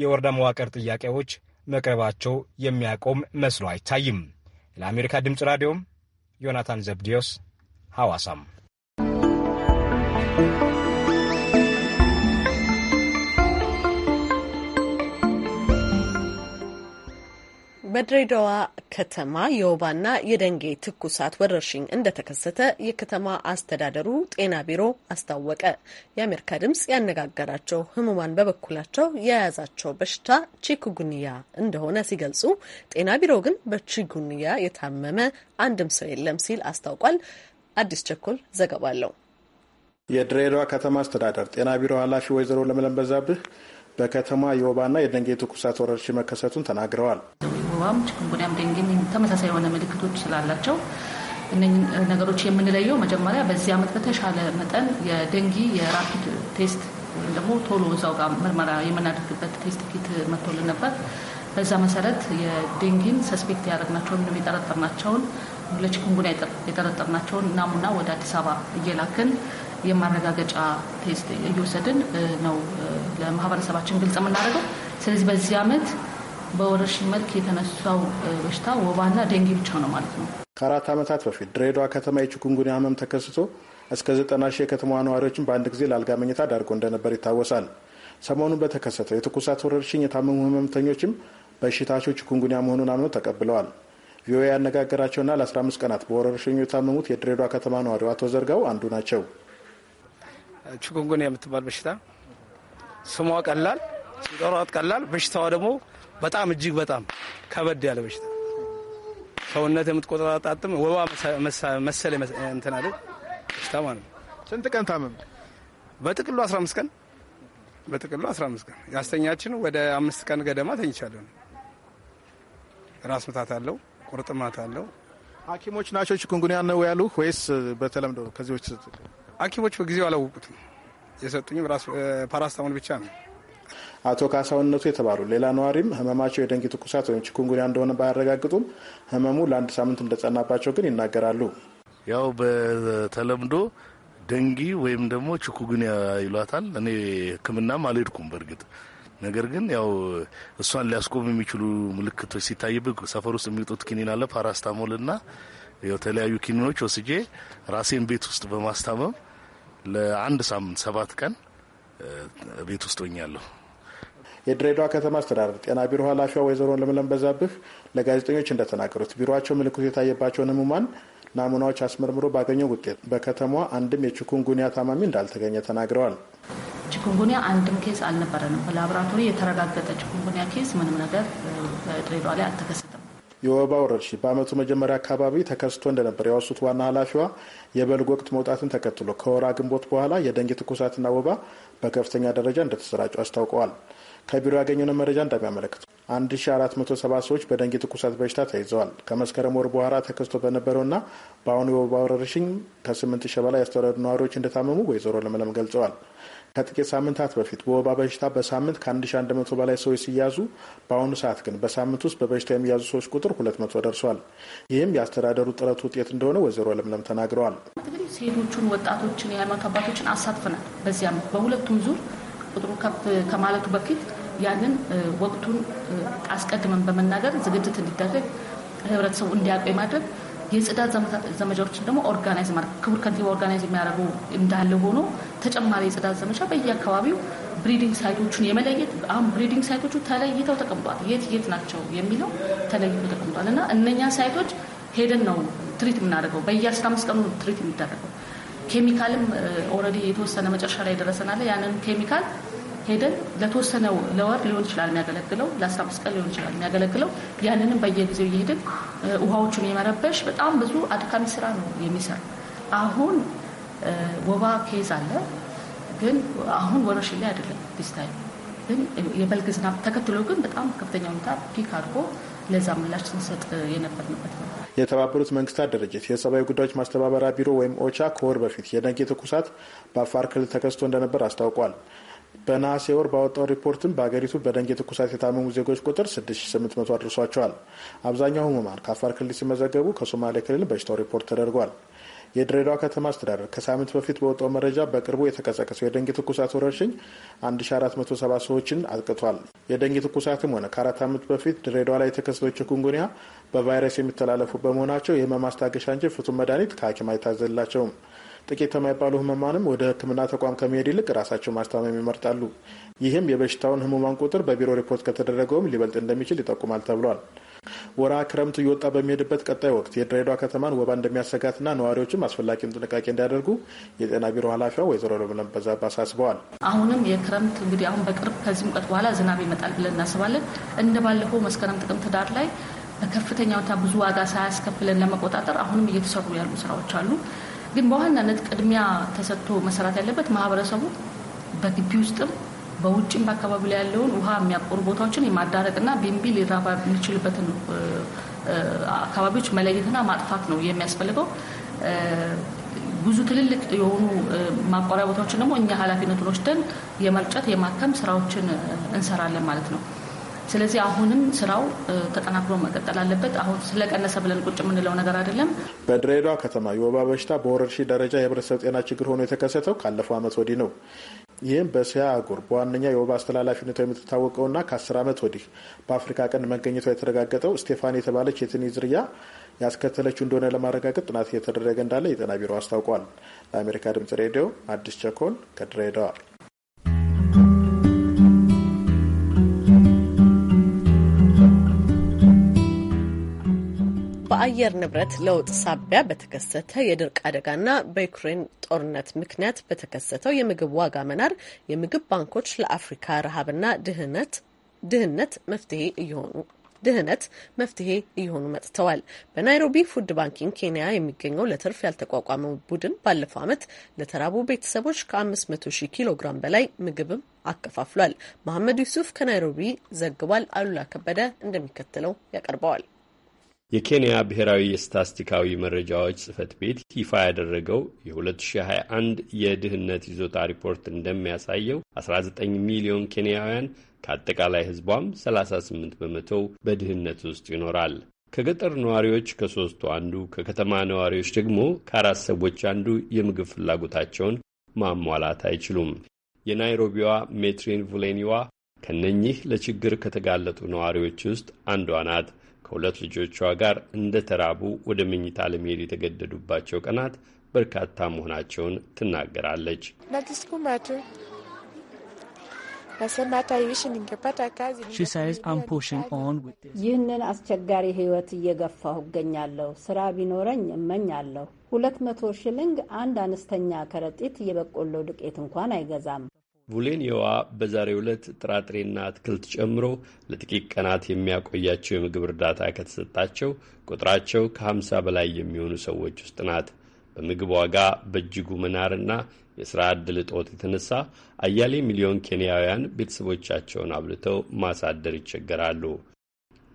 የወረዳ መዋቅር ጥያቄዎች መቅረባቸው የሚያቆም መስሎ አይታይም። ለአሜሪካ ድምፅ ራዲዮም ዮናታን ዘብዲዮስ ሐዋሳም በድሬዳዋ ከተማ የወባና የደንጌ ትኩሳት ወረርሽኝ እንደተከሰተ የከተማ አስተዳደሩ ጤና ቢሮ አስታወቀ። የአሜሪካ ድምጽ ያነጋገራቸው ህሙማን በበኩላቸው የያዛቸው በሽታ ቺኩጉንያ እንደሆነ ሲገልጹ፣ ጤና ቢሮ ግን በቺኩጉንያ የታመመ አንድም ሰው የለም ሲል አስታውቋል። አዲስ ቸኮል ዘገባ የድሬዳዋ ከተማ አስተዳደር ጤና ቢሮ ኃላፊ ወይዘሮ ለምለም በዛብህ በከተማ የወባና የደንጌ ትኩሳት ወረርሽኝ መከሰቱን ተናግረዋል። ወባም ችኩንጉንያም ደንጌም ተመሳሳይ የሆነ ምልክቶች ስላላቸው እነኝህ ነገሮች የምንለየው መጀመሪያ በዚህ ዓመት በተሻለ መጠን የደንጊ የራፒድ ቴስት ወይም ደግሞ ቶሎ እዛው ጋር ምርመራ የምናደርግበት ቴስት ኪት መጥቶልን ነበር። በዛ መሰረት የደንጊን ሰስፔክት ያደረግናቸውን ወይም የጠረጠርናቸውን ለችኩንጉንያ የጠረጠርናቸውን ናሙና ወደ አዲስ አበባ እየላክን የማረጋገጫ ቴስት እየወሰድን ነው ለማህበረሰባችን ግልጽ የምናደርገው። ስለዚህ በዚህ ዓመት በወረርሽኝ መልክ የተነሳው በሽታ ወባና ደንጌ ብቻ ነው ማለት ነው። ከአራት ዓመታት በፊት ድሬዳዋ ከተማ የቺኩንጉንያ ህመም ተከስቶ እስከ ዘጠና ሺህ የከተማዋ ነዋሪዎችን በአንድ ጊዜ ለአልጋ መኝታ ዳርጎ እንደነበር ይታወሳል። ሰሞኑን በተከሰተው የትኩሳት ወረርሽኝ የታመሙ ህመምተኞችም በሽታቸው ቺኩንጉንያ መሆኑን አምነው ተቀብለዋል። ቪኦኤ ያነጋገራቸውና ለ15 ቀናት በወረርሽኙ የታመሙት የድሬዳዋ ከተማ ነዋሪው አቶ ዘርጋው አንዱ ናቸው። ችጉንጉን የምትባል በሽታ ስሟ ቀላል ሲጠሯት ቀላል በሽታዋ ደግሞ በጣም እጅግ በጣም ከበድ ያለ በሽታ ሰውነት የምትቆጣጣጥም ወባ መሰል እንትን አለ በሽታ ማለት ነው። ስንት ቀን ታመም? በጥቅሉ 15 ቀን በጥቅሉ 15 ቀን ያስተኛችን ወደ አምስት ቀን ገደማ ተኝቻለሁ። ራስ ምታት አለው፣ ቁርጥማት አለው። ሐኪሞች ናቸው ቺኩንጉንያ ነው ያሉ ወይስ በተለምዶ ከዚህ ሐኪሞች በጊዜው አላወቁትም። የሰጡኝም ፓራስታሞል ብቻ ነው። አቶ ካሳውነቱ የተባሉ ሌላ ነዋሪም ህመማቸው የደንግ ትኩሳት ወይም ቺኩንጉንያ እንደሆነ ባያረጋግጡም ህመሙ ለአንድ ሳምንት እንደጸናባቸው ግን ይናገራሉ። ያው በተለምዶ ደንጊ ወይም ደግሞ ቺኩንጉንያ ይሏታል። እኔ ህክምናም አልሄድኩም በእርግጥ ነገር ግን ያው እሷን ሊያስቆም የሚችሉ ምልክቶች ሲታይብህ ሰፈር ውስጥ የሚወጡት ኪኒን አለ ፓራስታሞልና የተለያዩ ኪኒኖች ወስጄ ራሴን ቤት ውስጥ በማስታመም ለአንድ ሳምንት ሰባት ቀን ቤት ውስጥ ሆኛለሁ። የድሬዳዋ ከተማ አስተዳደር ጤና ቢሮ ኃላፊዋ ወይዘሮ ለምለም በዛብህ ለጋዜጠኞች እንደተናገሩት ቢሮቸው ምልክቱ የታየባቸውን ህሙማን ናሙናዎች አስመርምሮ ባገኘው ውጤት በከተማዋ አንድም የችኩንጉኒያ ታማሚ እንዳልተገኘ ተናግረዋል። ችኩንጉኒያ አንድም ኬስ አልነበረንም። በላቦራቶሪ የተረጋገጠ ችኩንጉኒያ ኬስ ምንም ነገር በድሬዳዋ ላይ አልተከሰተም። የወባ ወረርሽኝ በአመቱ መጀመሪያ አካባቢ ተከስቶ እንደነበር ያወሱት ዋና ኃላፊዋ የበልግ ወቅት መውጣትን ተከትሎ ከወራ ግንቦት በኋላ የደንግ ትኩሳትና ወባ በከፍተኛ ደረጃ እንደተሰራጩ አስታውቀዋል። ከቢሮ ያገኘነው መረጃ እንደሚያመለክቱ 1470 ሰዎች በደንግ ትኩሳት በሽታ ተይዘዋል። ከመስከረም ወር በኋላ ተከስቶ በነበረውና በአሁኑ የወባ ወረርሽኝ ከ8000 በላይ ያስተወረዱ ነዋሪዎች እንደታመሙ ወይዘሮ ለመለም ገልጸዋል። ከጥቂት ሳምንታት በፊት በወባ በሽታ በሳምንት ከ1100 በላይ ሰዎች ሲያዙ በአሁኑ ሰዓት ግን በሳምንት ውስጥ በበሽታ የሚያዙ ሰዎች ቁጥር 200 ደርሷል። ይህም የአስተዳደሩ ጥረት ውጤት እንደሆነ ወይዘሮ ለምለም ተናግረዋል። ሴቶቹን፣ ወጣቶችን፣ የሃይማኖት አባቶችን አሳትፈናል። በዚህ ዓመት በሁለቱም ዙር ቁጥሩ ከፍ ከማለቱ በፊት ያንን ወቅቱን አስቀድመን በመናገር ዝግጅት እንዲደረግ ህብረተሰቡ እንዲያውቅ የማድረግ የጽዳት ዘመቻዎችን ደግሞ ኦርጋናይዝ ማድረግ ክቡር ከንቲባ ኦርጋናይዝ የሚያደርጉ እንዳለ ሆኖ ተጨማሪ የጽዳት ዘመቻ በየአካባቢው ብሪዲንግ ሳይቶቹን የመለየት አሁን ብሪዲንግ ሳይቶቹ ተለይተው ተቀምጧል። የት የት ናቸው የሚለው ተለይቶ ተቀምጧል እና እነኛ ሳይቶች ሄደን ነው ትሪት የምናደርገው። በየአስራ አምስት ቀኑ ትሪት የሚደረገው ኬሚካልም ኦልሬዲ የተወሰነ መጨረሻ ላይ ደረሰናለ። ያንን ኬሚካል ሄደን ለተወሰነ ለወር ሊሆን ይችላል የሚያገለግለው፣ ለአስራ ቀን ሊሆን ይችላል የሚያገለግለው። ያንንም በየጊዜው እየሄድን ውሃዎቹን የመረበሽ በጣም ብዙ አድካሚ ስራ ነው የሚሰራ አሁን ወባ ኬዝ አለ፣ ግን አሁን ወረርሽኝ ላይ አይደለም። ዲስ ታይም ግን የበልግ ዝናብ ተከትሎ ግን በጣም ከፍተኛ ሁኔታ ፒክ አድርጎ ለዛ ምላሽ ስንሰጥ የነበርንበት ነው። የተባበሩት መንግስታት ድርጅት የሰብአዊ ጉዳዮች ማስተባበሪያ ቢሮ ወይም ኦቻ ከወር በፊት የደንጌ ትኩሳት በአፋር ክልል ተከስቶ እንደነበር አስታውቋል። በነሐሴ ወር ባወጣው ሪፖርትም በሀገሪቱ በደንጌ ትኩሳት የታመሙ ዜጎች ቁጥር 6800 አድርሷቸዋል። አብዛኛው ህሙማን ከአፋር ክልል ሲመዘገቡ ከሶማሌ ክልል በሽታው ሪፖርት ተደርጓል። የድሬዳዋ ከተማ አስተዳደር ከሳምንት በፊት በወጣው መረጃ በቅርቡ የተቀሰቀሰው የደንግ ትኩሳት ወረርሽኝ 1470 ሰዎችን አጥቅቷል። የደንግ ትኩሳትም ሆነ ከአራት ዓመት በፊት ድሬዳዋ ላይ የተከሰተው ቺኩንጉንያ በቫይረስ የሚተላለፉ በመሆናቸው የህመም ማስታገሻ እንጂ ፍቱን መድኃኒት ከሐኪም አይታዘላቸውም። ጥቂት የማይባሉ ህመማንም ወደ ሕክምና ተቋም ከመሄድ ይልቅ ራሳቸው ማስታመም ይመርጣሉ። ይህም የበሽታውን ህሙማን ቁጥር በቢሮ ሪፖርት ከተደረገውም ሊበልጥ እንደሚችል ይጠቁማል ተብሏል። ወራ ክረምቱ እየወጣ በሚሄድበት ቀጣይ ወቅት የድሬዳዋ ከተማን ወባ እንደሚያሰጋትና ነዋሪዎችም አስፈላጊውን ጥንቃቄ እንዲያደርጉ የጤና ቢሮ ኃላፊዋ ወይዘሮ ለምለም በዛብህ አሳስበዋል። አሁንም የክረምት እንግዲህ አሁን በቅርብ ከዚህም ቀጥ በኋላ ዝናብ ይመጣል ብለን እናስባለን። እንደ ባለፈው መስከረም፣ ጥቅምት፣ ዳር ላይ በከፍተኛ ሁኔታ ብዙ ዋጋ ሳያስከፍለን ለመቆጣጠር አሁንም እየተሰሩ ያሉ ስራዎች አሉ። ግን በዋናነት ቅድሚያ ተሰጥቶ መሰራት ያለበት ማህበረሰቡ በግቢ ውስጥም በውጭም በአካባቢ ላይ ያለውን ውሃ የሚያቆሩ ቦታዎችን የማዳረቅና ቢንቢ ሊራባ የሚችልበትን አካባቢዎች መለየትና ማጥፋት ነው የሚያስፈልገው። ብዙ ትልልቅ የሆኑ ማቋሪያ ቦታዎችን ደግሞ እኛ ኃላፊነቱን ወስደን የመርጨት የማከም ስራዎችን እንሰራለን ማለት ነው። ስለዚህ አሁንም ስራው ተጠናክሮ መቀጠል አለበት። አሁን ስለቀነሰ ብለን ቁጭ የምንለው ነገር አይደለም። በድሬዳዋ ከተማ የወባ በሽታ በወረርሽኝ ደረጃ የህብረተሰብ ጤና ችግር ሆኖ የተከሰተው ካለፈው ዓመት ወዲህ ነው። ይህም በእስያ አህጉር በዋነኛ የወባ አስተላላፊነቷ የምትታወቀውና ከአስር ዓመት ወዲህ በአፍሪካ ቀንድ መገኘቷ የተረጋገጠው ስቴፋን የተባለች የትንኝ ዝርያ ያስከተለችው እንደሆነ ለማረጋገጥ ጥናት እየተደረገ እንዳለ የጤና ቢሮ አስታውቋል። ለአሜሪካ ድምጽ ሬዲዮ አዲስ ቸኮል ከድሬዳዋ በአየር ንብረት ለውጥ ሳቢያ በተከሰተ የድርቅ አደጋና በዩክሬን ጦርነት ምክንያት በተከሰተው የምግብ ዋጋ መናር የምግብ ባንኮች ለአፍሪካ ረሃብና ድህነት ድህነት መፍትሄ እየሆኑ ድህነት መፍትሄ እየሆኑ መጥተዋል። በናይሮቢ ፉድ ባንኪንግ ኬንያ የሚገኘው ለትርፍ ያልተቋቋመው ቡድን ባለፈው ዓመት ለተራቡ ቤተሰቦች ከ500 ሺህ ኪሎ ግራም በላይ ምግብም አከፋፍሏል። መሐመድ ዩሱፍ ከናይሮቢ ዘግቧል። አሉላ ከበደ እንደሚከተለው ያቀርበዋል። የኬንያ ብሔራዊ የስታስቲካዊ መረጃዎች ጽህፈት ቤት ይፋ ያደረገው የ2021 የድህነት ይዞታ ሪፖርት እንደሚያሳየው 19 ሚሊዮን ኬንያውያን ከአጠቃላይ ህዝቧም 38 በመቶ በድህነት ውስጥ ይኖራል። ከገጠር ነዋሪዎች ከሦስቱ አንዱ፣ ከከተማ ነዋሪዎች ደግሞ ከአራት ሰዎች አንዱ የምግብ ፍላጎታቸውን ማሟላት አይችሉም። የናይሮቢዋ ሜትሪን ቡሌኒዋ ከነኚህ ለችግር ከተጋለጡ ነዋሪዎች ውስጥ አንዷ ናት። ከሁለት ልጆቿ ጋር እንደተራቡ ወደ መኝታ ለመሄድ የተገደዱባቸው ቀናት በርካታ መሆናቸውን ትናገራለች። ይህንን አስቸጋሪ ሕይወት እየገፋሁ እገኛለሁ። ስራ ቢኖረኝ እመኛለሁ። ሁለት መቶ ሽልንግ አንድ አነስተኛ ከረጢት የበቆሎ ዱቄት እንኳን አይገዛም። ቡሌኒየዋ በዛሬው ዕለት ጥራጥሬና አትክልት ጨምሮ ለጥቂት ቀናት የሚያቆያቸው የምግብ እርዳታ ከተሰጣቸው ቁጥራቸው ከ50 በላይ የሚሆኑ ሰዎች ውስጥ ናት። በምግብ ዋጋ በእጅጉ መናርና የሥራ ዕድል እጦት የተነሳ አያሌ ሚሊዮን ኬንያውያን ቤተሰቦቻቸውን አብልተው ማሳደር ይቸገራሉ።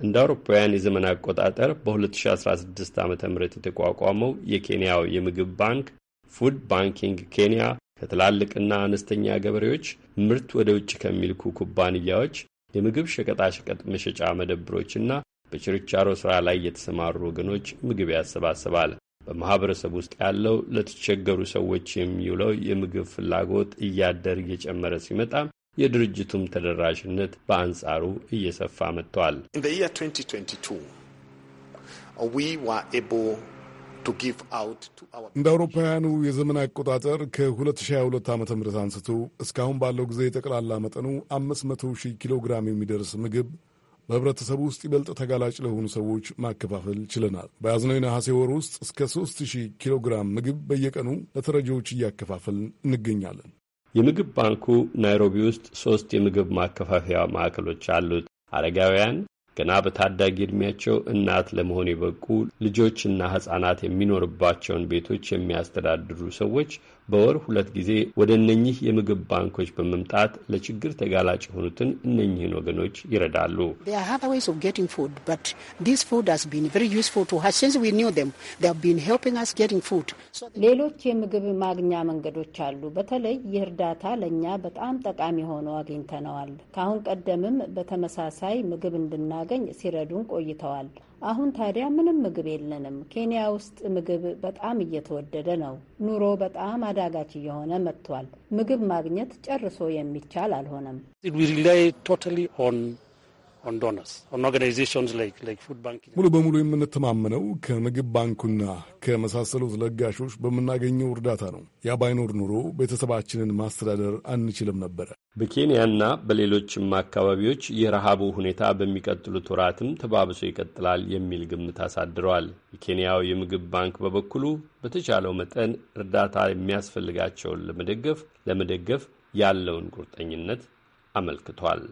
እንደ አውሮፓውያን የዘመን አቆጣጠር በ2016 ዓ ም የተቋቋመው የኬንያው የምግብ ባንክ ፉድ ባንኪንግ ኬንያ ከትላልቅና አነስተኛ ገበሬዎች ምርት ወደ ውጭ ከሚልኩ ኩባንያዎች፣ የምግብ ሸቀጣሸቀጥ መሸጫ መደብሮችና በችርቻሮ ሥራ ላይ የተሰማሩ ወገኖች ምግብ ያሰባስባል። በማኅበረሰብ ውስጥ ያለው ለተቸገሩ ሰዎች የሚውለው የምግብ ፍላጎት እያደር እየጨመረ ሲመጣ የድርጅቱም ተደራሽነት በአንጻሩ እየሰፋ መጥቷል። እንደ አውሮፓውያኑ የዘመን አቆጣጠር ከ2022 ዓ ም አንስቶ እስካሁን ባለው ጊዜ ጠቅላላ መጠኑ 500,000 ኪሎ ግራም የሚደርስ ምግብ በህብረተሰቡ ውስጥ ይበልጥ ተጋላጭ ለሆኑ ሰዎች ማከፋፈል ችለናል። በያዝነው የነሐሴ ወር ውስጥ እስከ 3000 ኪሎ ግራም ምግብ በየቀኑ ለተረጂዎች እያከፋፈልን እንገኛለን። የምግብ ባንኩ ናይሮቢ ውስጥ ሶስት የምግብ ማከፋፈያ ማዕከሎች አሉት። አረጋውያን፣ ገና በታዳጊ ዕድሜያቸው እናት ለመሆን የበቁ ልጆችና ሕፃናት የሚኖርባቸውን ቤቶች የሚያስተዳድሩ ሰዎች በወር ሁለት ጊዜ ወደ እነኚህ የምግብ ባንኮች በመምጣት ለችግር ተጋላጭ የሆኑትን እነኚህን ወገኖች ይረዳሉ። ሌሎች የምግብ ማግኛ መንገዶች አሉ። በተለይ ይህ እርዳታ ለእኛ በጣም ጠቃሚ ሆኖ አግኝተነዋል። ከአሁን ቀደምም በተመሳሳይ ምግብ እንድናገኝ ሲረዱን ቆይተዋል። አሁን ታዲያ ምንም ምግብ የለንም። ኬንያ ውስጥ ምግብ በጣም እየተወደደ ነው። ኑሮ በጣም አዳጋች እየሆነ መጥቷል። ምግብ ማግኘት ጨርሶ የሚቻል አልሆነም። ሙሉ በሙሉ የምንተማመነው ከምግብ ባንኩና ከመሳሰሉት ለጋሾች በምናገኘው እርዳታ ነው። ያ ባይኖር ኑሮ ቤተሰባችንን ማስተዳደር አንችልም ነበረ። በኬንያና በሌሎችም አካባቢዎች የረሃቡ ሁኔታ በሚቀጥሉት ወራትም ተባብሶ ይቀጥላል የሚል ግምት አሳድረዋል። የኬንያው የምግብ ባንክ በበኩሉ በተቻለው መጠን እርዳታ የሚያስፈልጋቸውን ለመደገፍ ለመደገፍ ያለውን ቁርጠኝነት አመልክቷል።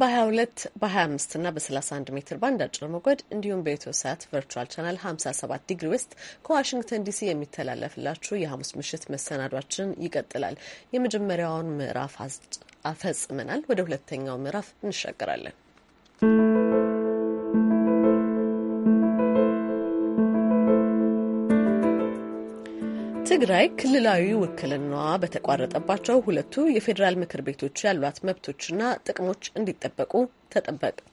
በ22 በ25 እና በ31 ሜትር ባንድ አጭር ሞገድ እንዲሁም በኢትዮ ሳት ቨርቹዋል ቻናል 57 ዲግሪ ውስጥ ከዋሽንግተን ዲሲ የሚተላለፍላችሁ የሐሙስ ምሽት መሰናዷችን ይቀጥላል። የመጀመሪያውን ምዕራፍ አፈጽመናል። ወደ ሁለተኛው ምዕራፍ እንሻገራለን። የትግራይ ክልላዊ ውክልናዋ በተቋረጠባቸው ሁለቱ የፌዴራል ምክር ቤቶች ያሏት መብቶችና ጥቅሞች እንዲጠበቁ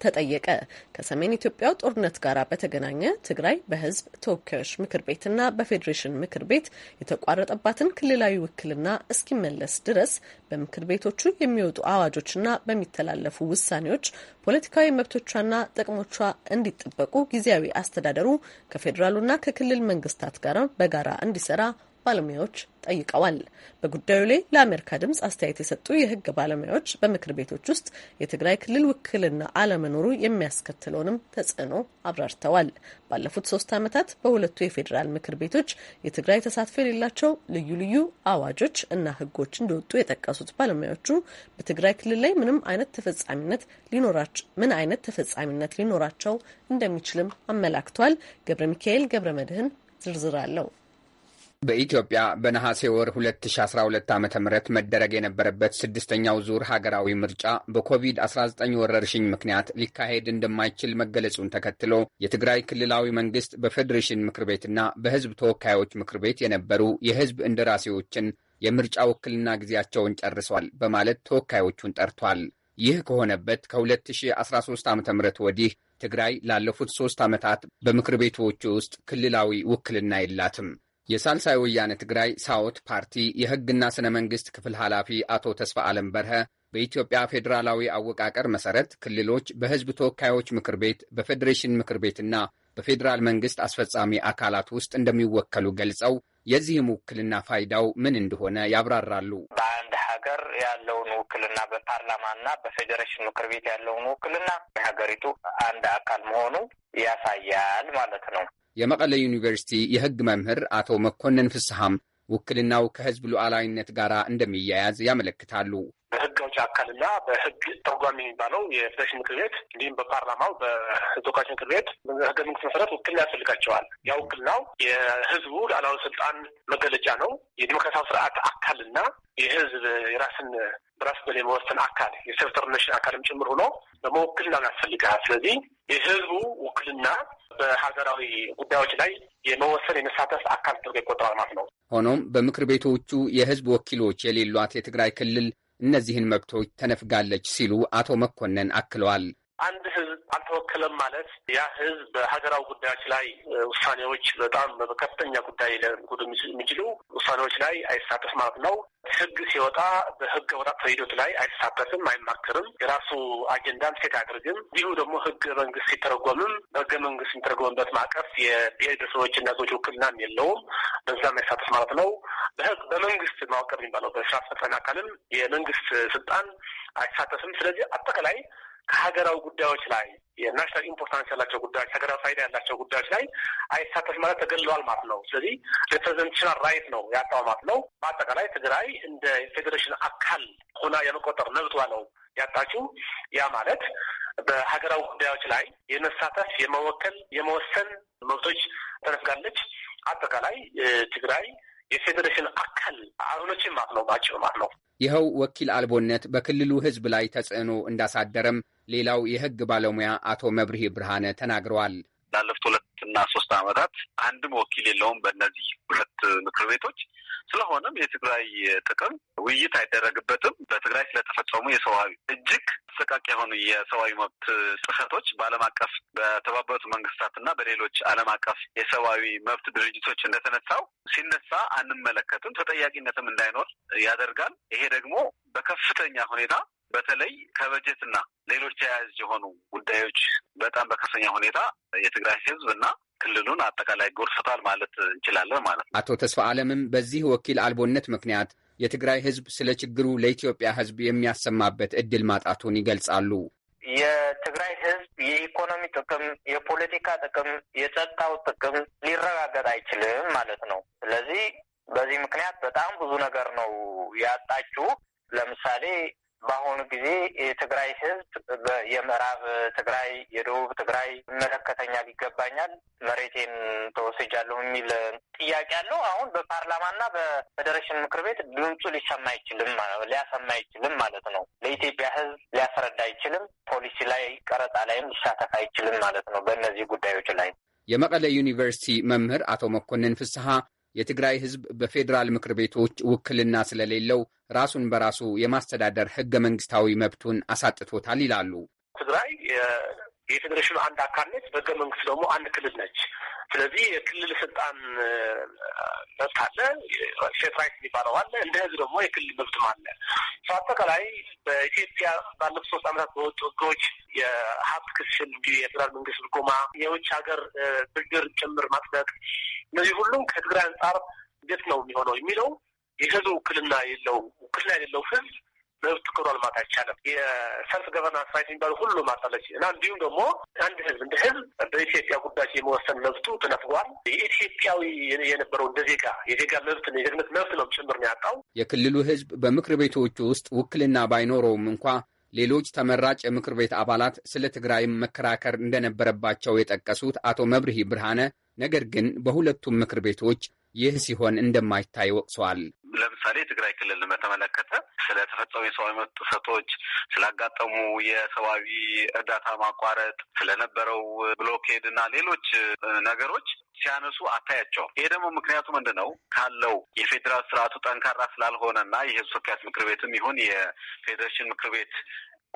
ተጠየቀ። ከሰሜን ኢትዮጵያው ጦርነት ጋር በተገናኘ ትግራይ በሕዝብ ተወካዮች ምክር ቤትና በፌዴሬሽን ምክር ቤት የተቋረጠባትን ክልላዊ ውክልና እስኪመለስ ድረስ በምክር ቤቶቹ የሚወጡ አዋጆችና በሚተላለፉ ውሳኔዎች ፖለቲካዊ መብቶቿና ጥቅሞቿ እንዲጠበቁ ጊዜያዊ አስተዳደሩ ከፌዴራሉና ከክልል መንግስታት ጋር በጋራ እንዲሰራ ባለሙያዎች ጠይቀዋል። በጉዳዩ ላይ ለአሜሪካ ድምጽ አስተያየት የሰጡ የህግ ባለሙያዎች በምክር ቤቶች ውስጥ የትግራይ ክልል ውክልና አለመኖሩ የሚያስከትለውንም ተጽዕኖ አብራርተዋል። ባለፉት ሶስት ዓመታት በሁለቱ የፌዴራል ምክር ቤቶች የትግራይ ተሳትፎ የሌላቸው ልዩ ልዩ አዋጆች እና ህጎች እንደወጡ የጠቀሱት ባለሙያዎቹ በትግራይ ክልል ላይ ምንም አይነት ተፈጻሚነት ሊኖራቸው ምን አይነት ተፈጻሚነት ሊኖራቸው እንደሚችልም አመላክቷል። ገብረ ሚካኤል ገብረ መድህን ዝርዝር አለው። በኢትዮጵያ በነሐሴ ወር 2012 ዓ ም መደረግ የነበረበት ስድስተኛው ዙር ሀገራዊ ምርጫ በኮቪድ-19 ወረርሽኝ ምክንያት ሊካሄድ እንደማይችል መገለጹን ተከትሎ የትግራይ ክልላዊ መንግስት በፌዴሬሽን ምክር ቤትና በህዝብ ተወካዮች ምክር ቤት የነበሩ የህዝብ እንደራሴዎችን የምርጫ ውክልና ጊዜያቸውን ጨርሰዋል በማለት ተወካዮቹን ጠርቷል። ይህ ከሆነበት ከ2013 ዓ ም ወዲህ ትግራይ ላለፉት ሶስት ዓመታት በምክር ቤቶቹ ውስጥ ክልላዊ ውክልና የላትም። የሳልሳይ ወያነ ትግራይ ሳዎት ፓርቲ የሕግና ስነ መንግስት ክፍል ኃላፊ አቶ ተስፋ አለም በርሀ በኢትዮጵያ ፌዴራላዊ አወቃቀር መሰረት ክልሎች በህዝብ ተወካዮች ምክር ቤት፣ በፌዴሬሽን ምክር ቤትና በፌዴራል መንግስት አስፈጻሚ አካላት ውስጥ እንደሚወከሉ ገልጸው የዚህም ውክልና ፋይዳው ምን እንደሆነ ያብራራሉ። በአንድ ሀገር ያለውን ውክልና በፓርላማና በፌዴሬሽን ምክር ቤት ያለውን ውክልና የሀገሪቱ አንድ አካል መሆኑ ያሳያል ማለት ነው። የመቀለ ዩኒቨርሲቲ የሕግ መምህር አቶ መኮንን ፍስሐም ውክልናው ከህዝብ ሉዓላዊነት ጋር እንደሚያያዝ ያመለክታሉ። በህግ አውጪ አካልና በህግ ተርጓሚ የሚባለው የፌዴሬሽን ምክር ቤት እንዲሁም በፓርላማው በተወካዮች ምክር ቤት ህገ መንግስት መሰረት ውክልና ያስፈልጋቸዋል። ያ ውክልናው የህዝቡ ሉዓላዊ ስልጣን መገለጫ ነው። የዲሞክራሲያዊ ስርዓት አካልና የህዝብ የራስን በራስ በላይ መወሰን አካል የሴልፍ ዲተርሚኔሽን አካልም ጭምር ሆኖ በመወክልና ያስፈልጋል። ስለዚህ የህዝቡ ውክልና በሀገራዊ ጉዳዮች ላይ የመወሰን የመሳተፍ አካል ተደርጎ ይቆጠራል ማለት ነው። ሆኖም በምክር ቤቶቹ የህዝብ ወኪሎች የሌሏት የትግራይ ክልል እነዚህን መብቶች ተነፍጋለች ሲሉ አቶ መኮንን አክለዋል። አንድ ህዝብ አልተወከለም ማለት ያ ህዝብ በሀገራዊ ጉዳዮች ላይ ውሳኔዎች በጣም በከፍተኛ ጉዳይ ሊጎዱ የሚችሉ ውሳኔዎች ላይ አይሳተፍ ማለት ነው። ህግ ሲወጣ በህግ አወጣጥ ሂደት ላይ አይሳተፍም፣ አይማክርም፣ የራሱ አጀንዳን ሴት አያደርግም። እንዲሁ ደግሞ ህገ መንግስት ሲተረጎምም በህገ መንግስት የሚተረጎምበት ማዕቀፍ የብሔር ብሔረሰቦችና ዞች ውክልናም የለውም፣ በዛም አይሳተፍ ማለት ነው። በህግ በመንግስት ማወቀር የሚባለው በስራ አስፈጻሚ አካልም የመንግስት ስልጣን አይሳተፍም። ስለዚህ አጠቃላይ ከሀገራዊ ጉዳዮች ላይ የናሽናል ኢምፖርታንስ ያላቸው ጉዳዮች፣ ሀገራዊ ፋይዳ ያላቸው ጉዳዮች ላይ አይሳተፍ ማለት ተገልሏል ማለት ነው። ስለዚህ ሪፕሬዘንቴሽናል ራይት ነው ያጣው ማለት ነው። በአጠቃላይ ትግራይ እንደ ፌዴሬሽን አካል ሆና የመቆጠር መብቷ ነው ያጣችው። ያ ማለት በሀገራዊ ጉዳዮች ላይ የመሳተፍ የመወከል፣ የመወሰን መብቶች ተነፍጋለች። አጠቃላይ ትግራይ የፌዴሬሽን አካል አልሆነችም ማለት ነው። ባጭሩ ማለት ነው። ይኸው ወኪል አልቦነት በክልሉ ሕዝብ ላይ ተጽዕኖ እንዳሳደረም ሌላው የሕግ ባለሙያ አቶ መብርሄ ብርሃነ ተናግረዋል። ላለፉት ሁለት እና ሶስት ዓመታት አንድም ወኪል የለውም በእነዚህ ሁለት ምክር ቤቶች። ስለሆነም የትግራይ ጥቅም ውይይት አይደረግበትም። በትግራይ ስለተፈጸሙ የሰዋዊ እጅግ አሰቃቂ የሆኑ የሰዋዊ መብት ጥሰቶች በዓለም አቀፍ በተባበሩት መንግስታት እና በሌሎች ዓለም አቀፍ የሰዋዊ መብት ድርጅቶች እንደተነሳው ሲነሳ አንመለከትም። ተጠያቂነትም እንዳይኖር ያደርጋል። ይሄ ደግሞ በከፍተኛ ሁኔታ በተለይ ከበጀትና ሌሎች ተያያዥ የሆኑ ጉዳዮች በጣም በከፍተኛ ሁኔታ የትግራይ ህዝብ ና ክልሉን አጠቃላይ ጎርሶታል ማለት እንችላለን ማለት ነው። አቶ ተስፋ አለምም በዚህ ወኪል አልቦነት ምክንያት የትግራይ ህዝብ ስለ ችግሩ ለኢትዮጵያ ህዝብ የሚያሰማበት እድል ማጣቱን ይገልጻሉ። የትግራይ ህዝብ የኢኮኖሚ ጥቅም፣ የፖለቲካ ጥቅም፣ የጸጥታው ጥቅም ሊረጋገጥ አይችልም ማለት ነው። ስለዚህ በዚህ ምክንያት በጣም ብዙ ነገር ነው ያጣችሁ። ለምሳሌ በአሁኑ ጊዜ የትግራይ ህዝብ የምዕራብ ትግራይ፣ የደቡብ ትግራይ መለከተኛ ይገባኛል፣ መሬቴን ተወስጃለሁ የሚል ጥያቄ አለው። አሁን በፓርላማና በፌዴሬሽን ምክር ቤት ድምፁ ሊሰማ አይችልም፣ ሊያሰማ አይችልም ማለት ነው። ለኢትዮጵያ ህዝብ ሊያስረዳ አይችልም። ፖሊሲ ላይ ቀረጻ ላይም ሊሳተፍ አይችልም ማለት ነው። በእነዚህ ጉዳዮች ላይ የመቀለ ዩኒቨርሲቲ መምህር አቶ መኮንን ፍስሐ የትግራይ ህዝብ በፌዴራል ምክር ቤቶች ውክልና ስለሌለው ራሱን በራሱ የማስተዳደር ህገ መንግስታዊ መብቱን አሳጥቶታል ይላሉ። ትግራይ የፌዴሬሽኑ አንድ አካል ነች። በህገ መንግስት ደግሞ አንድ ክልል ነች። ስለዚህ የክልል ስልጣን መብት አለ፣ ሴት ራይት የሚባለው አለ። እንደ ህዝብ ደግሞ የክልል መብትም አለ። አጠቃላይ በኢትዮጵያ ባለፉት ሶስት ዓመታት በወጡ ህጎች የሀብት ክፍል፣ የፌዴራል መንግስት ድጎማ፣ የውጭ ሀገር ብድር ጭምር ማጽደቅ፣ እነዚህ ሁሉም ከትግራይ አንጻር እንዴት ነው የሚሆነው የሚለው የህዝብ ውክልና የለው ውክልና የሌለው ህዝብ መብት ክብሯል ማለት አይቻልም። የሰልፍ ገቨርናንስ ራይት የሚባሉ ሁሉ አጣለች እና እንዲሁም ደግሞ አንድ ህዝብ እንደ ህዝብ በኢትዮጵያ ጉዳይ የመወሰን መብቱ ተነፍጓል። የኢትዮጵያዊ የነበረው እንደ ዜጋ የዜጋ መብት የዜግነት መብት ነው ጭምር ነው ያጣው። የክልሉ ህዝብ በምክር ቤቶቹ ውስጥ ውክልና ባይኖረውም እንኳ ሌሎች ተመራጭ የምክር ቤት አባላት ስለ ትግራይም መከራከር እንደነበረባቸው የጠቀሱት አቶ መብርሂ ብርሃነ ነገር ግን በሁለቱም ምክር ቤቶች ይህ ሲሆን እንደማይታይ ወቅሰዋል። ለምሳሌ የትግራይ ክልልን በተመለከተ ስለተፈጸሙ የሰብአዊ መብት ጥሰቶች፣ ስላጋጠሙ የሰብአዊ እርዳታ ማቋረጥ፣ ስለነበረው ብሎኬድ እና ሌሎች ነገሮች ሲያነሱ አታያቸውም። ይሄ ደግሞ ምክንያቱ ምንድን ነው? ካለው የፌዴራል ስርዓቱ ጠንካራ ስላልሆነና የህዝብ ተወካዮች ምክር ቤትም ይሁን የፌዴሬሽን ምክር ቤት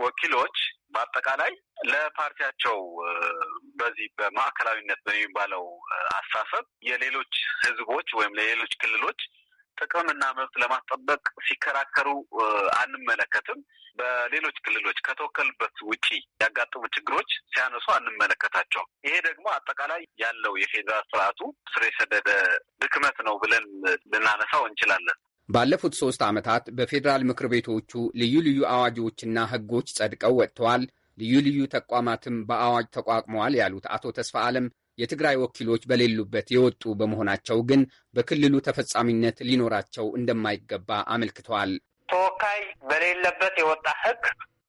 ወኪሎች በአጠቃላይ ለፓርቲያቸው በዚህ በማዕከላዊነት በሚባለው አስተሳሰብ የሌሎች ህዝቦች ወይም ለሌሎች ክልሎች ጥቅምና መብት ለማስጠበቅ ሲከራከሩ አንመለከትም። በሌሎች ክልሎች ከተወከሉበት ውጪ ያጋጠሙ ችግሮች ሲያነሱ አንመለከታቸውም። ይሄ ደግሞ አጠቃላይ ያለው የፌዴራል ስርዓቱ ስር የሰደደ ድክመት ነው ብለን ልናነሳው እንችላለን። ባለፉት ሶስት ዓመታት በፌዴራል ምክር ቤቶቹ ልዩ ልዩ አዋጆችና ህጎች ጸድቀው ወጥተዋል። ልዩ ልዩ ተቋማትም በአዋጅ ተቋቁመዋል ያሉት አቶ ተስፋ አለም የትግራይ ወኪሎች በሌሉበት የወጡ በመሆናቸው ግን በክልሉ ተፈጻሚነት ሊኖራቸው እንደማይገባ አመልክተዋል። ተወካይ በሌለበት የወጣ ህግ